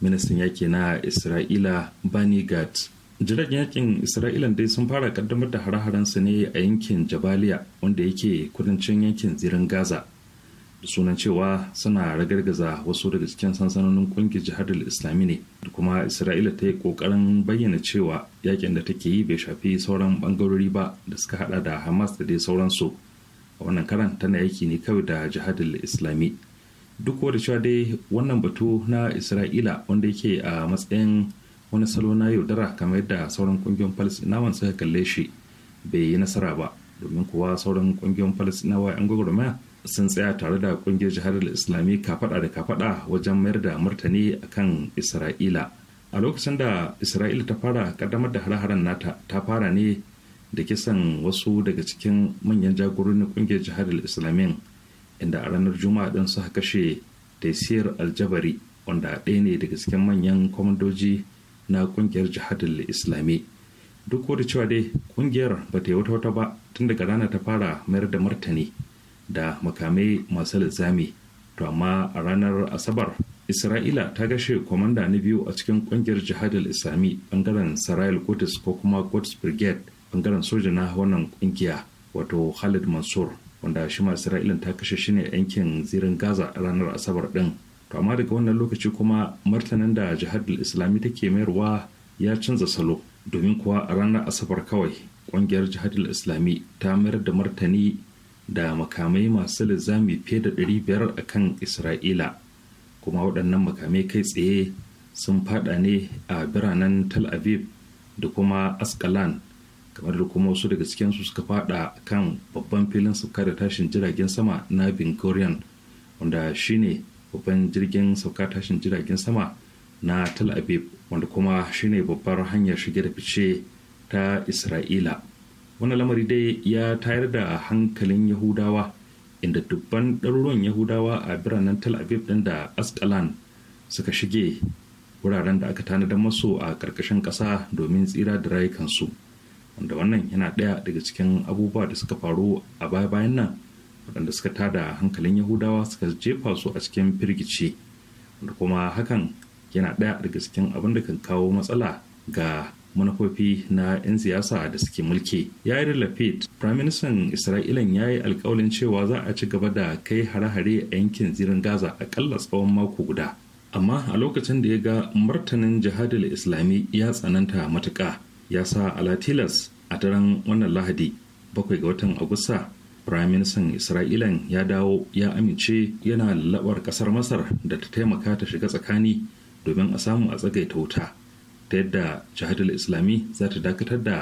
ministan yaki na isra'ila bani gat jiragen yakin isra'ilan dai sun fara kaddamar da hare su ne a yankin jabaliya wanda yake kudancin yankin zirin gaza da sunan cewa suna ragargaza wasu daga cikin sansanonin kungiyar jihadar islami ne da kuma isra'ila ta yi kokarin bayyana cewa yakin da take yi bai shafi sauran bangarori ba da suka hada da hamas da dai sauransu a wannan karan tana yaki ne kawai da jihadar islami duk da cewa dai wannan batu na isra'ila wanda yake a matsayin wani salo na yaudara kamar yadda sauran kungiyar palestinawan suka kalle shi bai yi nasara ba domin kuwa sauran kungiyar palestinawa yan gwagwarmaya sun tsaya tare da kungiyar jihar islami kafada da kafada wajen mayar da martani akan isra'ila a lokacin da isra'ila ta fara kaddamar da hare-haren nata ta fara ne da kisan wasu daga cikin manyan jagororin kungiyar jihar islamin inda a ranar juma'a din su kashe taisir aljabari wanda ɗaya ne daga cikin manyan kwamandoji na kungiyar jihar islami duk da cewa dai kungiyar ba ta yi wata wata ba tun daga rana ta fara mayar da martani da makamai masu linzami to amma a ranar asabar isra'ila ta gashe kwamanda na biyu a cikin kungiyar jihadar islami bangaren sarayil kotis ko kuma kotis brigade bangaren soja na wannan kungiya wato khalid mansur wanda shi ma isra'ila ta kashe shi ne yankin zirin gaza ranar asabar din to amma daga wannan lokaci kuma martanin da jihadar islami take mayarwa ya canza salo domin kuwa a ranar asabar kawai kungiyar jihadar islami ta mayar da martani da makamai masu lizami fiye da 500 a kan isra'ila kuma waɗannan makamai kai tsaye sun fada ne a biranen tel aviv da kuma askalan kamar da kuma wasu daga cikinsu suka fada kan babban filin sauka da tashin jiragen sama na bin wanda shine babban jirgin sauka tashin jiragen sama na tel aviv wanda kuma shine babbar hanyar shige da fice ta isra'ila wani lamari dai ya tayar da hankalin yahudawa inda dubban ɗaruruwan yahudawa a biranen tel aviv ɗin da askalan suka shige wuraren da aka tanadar masu a ƙarƙashin ƙasa domin tsira da rayukansu wanda wannan yana ɗaya daga cikin abubuwa da suka faru a baya bayan nan waɗanda suka tada hankalin yahudawa suka jefa su a cikin firgici wanda kuma hakan yana ɗaya daga cikin abin da kan kawo matsala ga manufofi na 'yan siyasa da suke mulki yair lapid firaministan Isra'ila ya yi alkawalin cewa za a ci gaba da kai hare-hare a yankin zirin gaza akalla tsawon mako guda amma a lokacin da ya ga martanin jihadul islami ya tsananta matuka. ya sa alatilas a daren wannan lahadi bakwai ga watan agusta firaministan isra'ilan ya dawo ya amince yana labar kasar masar da ta taimaka ta shiga tsakani domin a samu a tsagaita wuta ta yadda jihadul islami za ta dakatar da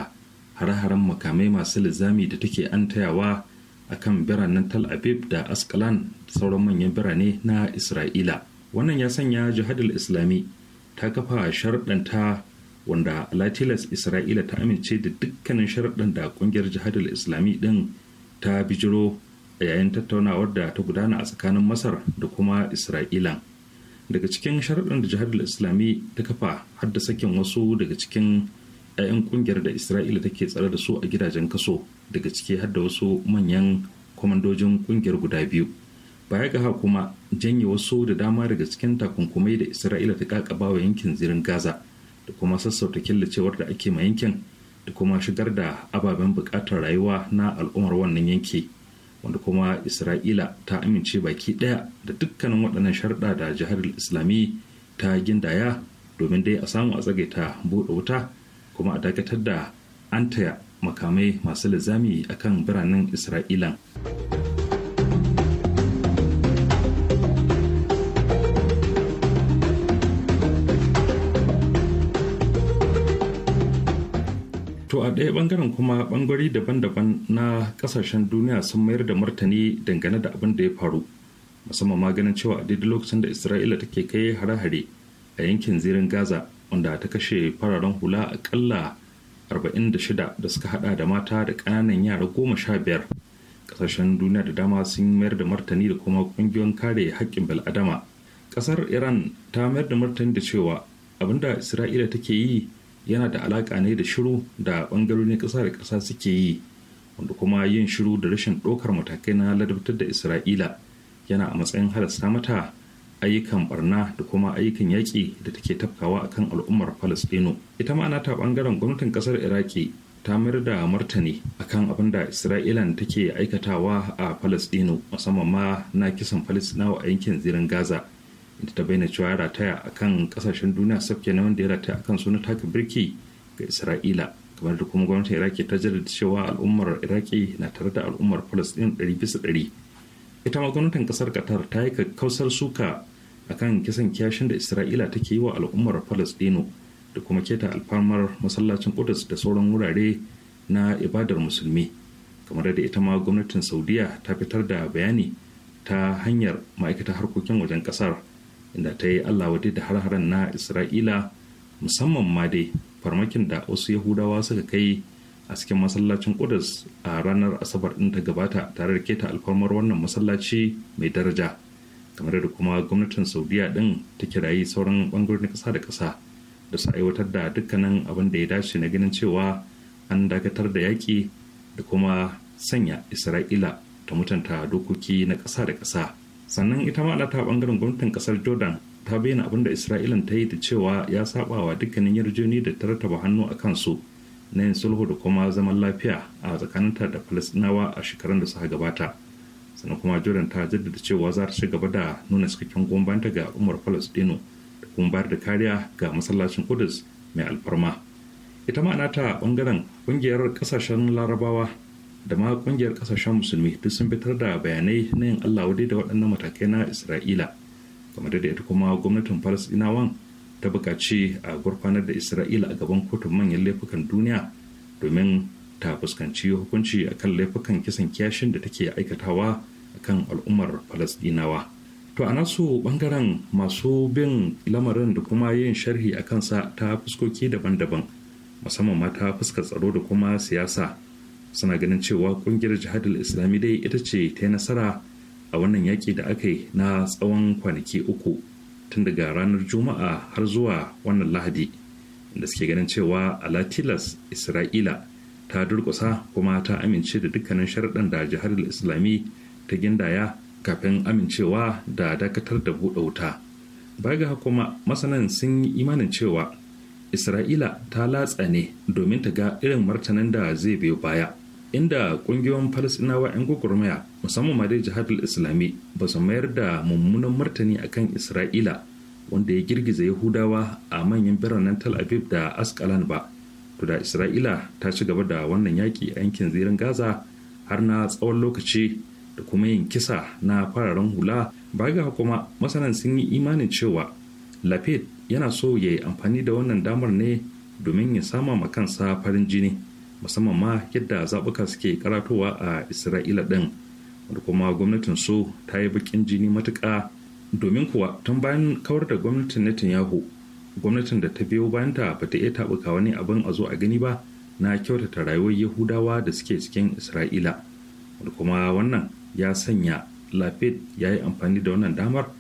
hare-haren makamai masu lizami da take an tayawa a kan biranen tal abib da askalan sauran manyan birane na isra'ila wannan ya sanya jihadul islami ta kafa sharɗanta wanda latilas isra'ila ta amince da dukkanin sharɗan da ƙungiyar jihadul islami ɗin ta bijiro a yayin tattaunawar da ta gudana a tsakanin masar da kuma isra'ilan. daga cikin sharaɗin da jihar islami ta kafa har sakin wasu daga cikin 'ya'yan kungiyar da isra'ila take tsare da su a gidajen kaso daga ciki har wasu manyan kwamandojin kungiyar guda biyu baya ga haka kuma janye wasu da dama daga cikin takunkumai da isra'ila ta kakaba wa yankin zirin gaza da kuma sassauta killacewar da ake ma yankin da kuma shigar da ababen bukatar rayuwa na al'ummar wannan yanki wanda kuma isra'ila ta amince baki ɗaya da dukkanin waɗannan sharɗa da jihar islami ta gindaya domin dai a samu a ta buɗe wuta kuma a dakatar da an taya makamai masu lizami akan biranen isra'ilan ɗaya bangaren kuma ɓangare daban-daban na ƙasashen duniya sun mayar da martani dangane da abin da ya faru musamman ma ganin cewa a daidai lokacin da isra'ila take kai hare-hare a yankin zirin gaza wanda ta kashe fararen hula aƙalla 46 da suka haɗa da mata da ƙananan yara goma sha biyar ƙasashen duniya da dama sun mayar da martani da kuma ƙungiyoyin kare haƙƙin bal'adama ƙasar iran ta mayar da martani da cewa abinda isra'ila take yi yana da alaƙa ne da shiru da ɓangarorin ƙasa da ƙasa suke yi wanda kuma yin shiru da rashin ɗaukar matakai na ladabtar da isra'ila yana a matsayin halasta mata ayyukan barna da kuma ayyukan yaƙi da take tafkawa akan al'ummar falastino ita ma ana ta ɓangaren gwamnatin ƙasar iraki ta mayar da martani akan abin da isra'ila take aikatawa a falastino musamman ma na kisan falastinawa a yankin zirin gaza inda ta bayyana cewa rataya a kan kasashen duniya safke na wanda ya rataya a kan suna taka birki ga isra'ila kamar da kuma gwamnatin iraki ta jaddada cewa al'ummar iraki na tare da al'ummar palestin ɗari bisa ɗari ita ma gwamnatin kasar qatar ta yi kakkausar suka akan kisan kiyashin da isra'ila take yi wa al'ummar palestino da kuma keta alfamar masallacin kudus da sauran wurare na ibadar musulmi kamar da ita ma gwamnatin saudiya ta fitar da bayani ta hanyar ma'aikatar harkokin wajen kasar inda ta yi allah wadai da har-haren na isra'ila musamman ma dai farmakin da wasu yahudawa suka kai a cikin masallacin kudus a ranar asabar din ta gabata tare da keta alfarmar wannan masallaci mai daraja kamar da kuma gwamnatin saudiya din ta kirayi sauran bangarorin kasa da kasa da su aiwatar da dukkanin abin da ya dace na ganin cewa an dakatar da yaƙi da kuma sanya isra'ila ta mutunta dokoki na ƙasa da ƙasa sannan ita ma ta bangaren gwamnatin kasar jordan ta bayyana abin da isra'ilan ta yi da cewa ya saba wa dukkanin yarjejeni da ta rataba hannu a kansu na yin sulhu da kuma zaman lafiya a tsakaninta da falastinawa a shekarun da suka gabata sannan kuma jordan ta jaddada cewa za ta ci gaba da nuna cikakken gombanta ga Umar falastino da kuma bayar da kariya ga masallacin kudus mai alfarma ita ma ta bangaren kungiyar kasashen larabawa da ma kungiyar kasashen musulmi duk sun fitar da bayanai na yin allah wadai da waɗannan matakai na isra'ila kamar da ita kuma gwamnatin falasɗinawan ta buƙaci a gurfanar da isra'ila a gaban kotun manyan laifukan duniya domin ta fuskanci hukunci akan laifukan kisan kiyashin da take aikatawa akan al'ummar falasɗinawa to a nasu bangaren masu bin lamarin da kuma yin sharhi a kansa ta fuskoki daban-daban musamman ma ta fuskar tsaro da kuma siyasa suna ganin cewa kungiyar jihadul islami dai ita ce ta yi nasara a wannan yaƙi da aka yi na tsawon kwanaki uku tun daga ranar juma'a har zuwa wannan lahadi da suke ganin cewa alatilas isra'ila ta durkusa kuma ta amince da dukkanin sharaɗan da jihadul islami ta gindaya kafin amincewa da dakatar da buɗe wuta baya ga kuma masanan sun yi imanin cewa isra'ila ta latsa ne domin ta ga irin martanin da zai biyo baya inda kungiyoyin falasinawa 'yan gwagwarmaya musamman ma dai jihadul islami ba su mayar da mummunan martani akan isra'ila wanda ya girgiza yahudawa a manyan biranen tal aviv da askalan ba to da isra'ila ta ci gaba da wannan yaki a yankin zirin gaza har na tsawon lokaci da kuma yin kisa na fararen hula baga kuma masanan sun yi imanin cewa lafet yana so ya yi amfani da wannan damar ne domin ya sama ma kansa farin jini musamman ma yadda zaɓuka suke karatowa a isra'ila ɗin wanda kuma gwamnatin su ta yi bakin jini matuka? domin kuwa tun bayan kawar da gwamnatin netanyahu gwamnatin da ta biyo bayan ta ba iya taɓuka wani abin a zo a gani ba na kyautata rayuwar yahudawa da suke cikin isra'ila wanda kuma wannan ya sanya lafid ya yi amfani da wannan damar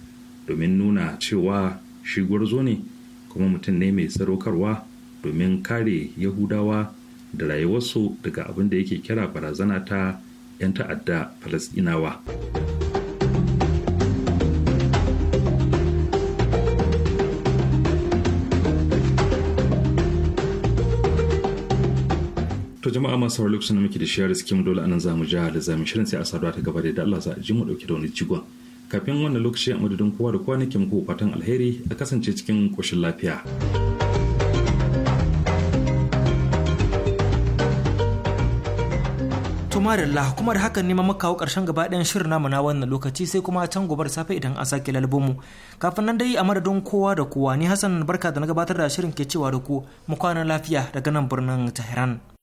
domin nuna cewa shi gwarzo ne kuma mutum ne mai sadaukarwa domin kare yahudawa da rayuwarsu daga abin da yake kira barazana ta 'yan ta'adda falasɗinawa. to jama'a masu sauraro lokacin da muke da shiyar skim dole anan za mu ja da zamu shirin sai a saduwa ta gaba da yadda Allah za a ji mu dauki da wani jigon kafin wannan lokaci a madadin kowa da kowa nake muku fatan alheri a kasance cikin koshin lafiya. marilla kuma da hakan neman muka kawo karshen gaba ɗayan shirin namu na wannan lokaci sai kuma can da safe idan an sake lalbomu kafin nan dai a madadin kowa da kowa ni hassan barka da na gabatar da shirin ke cewa da ku mu kwana lafiya daga nan birnin tehran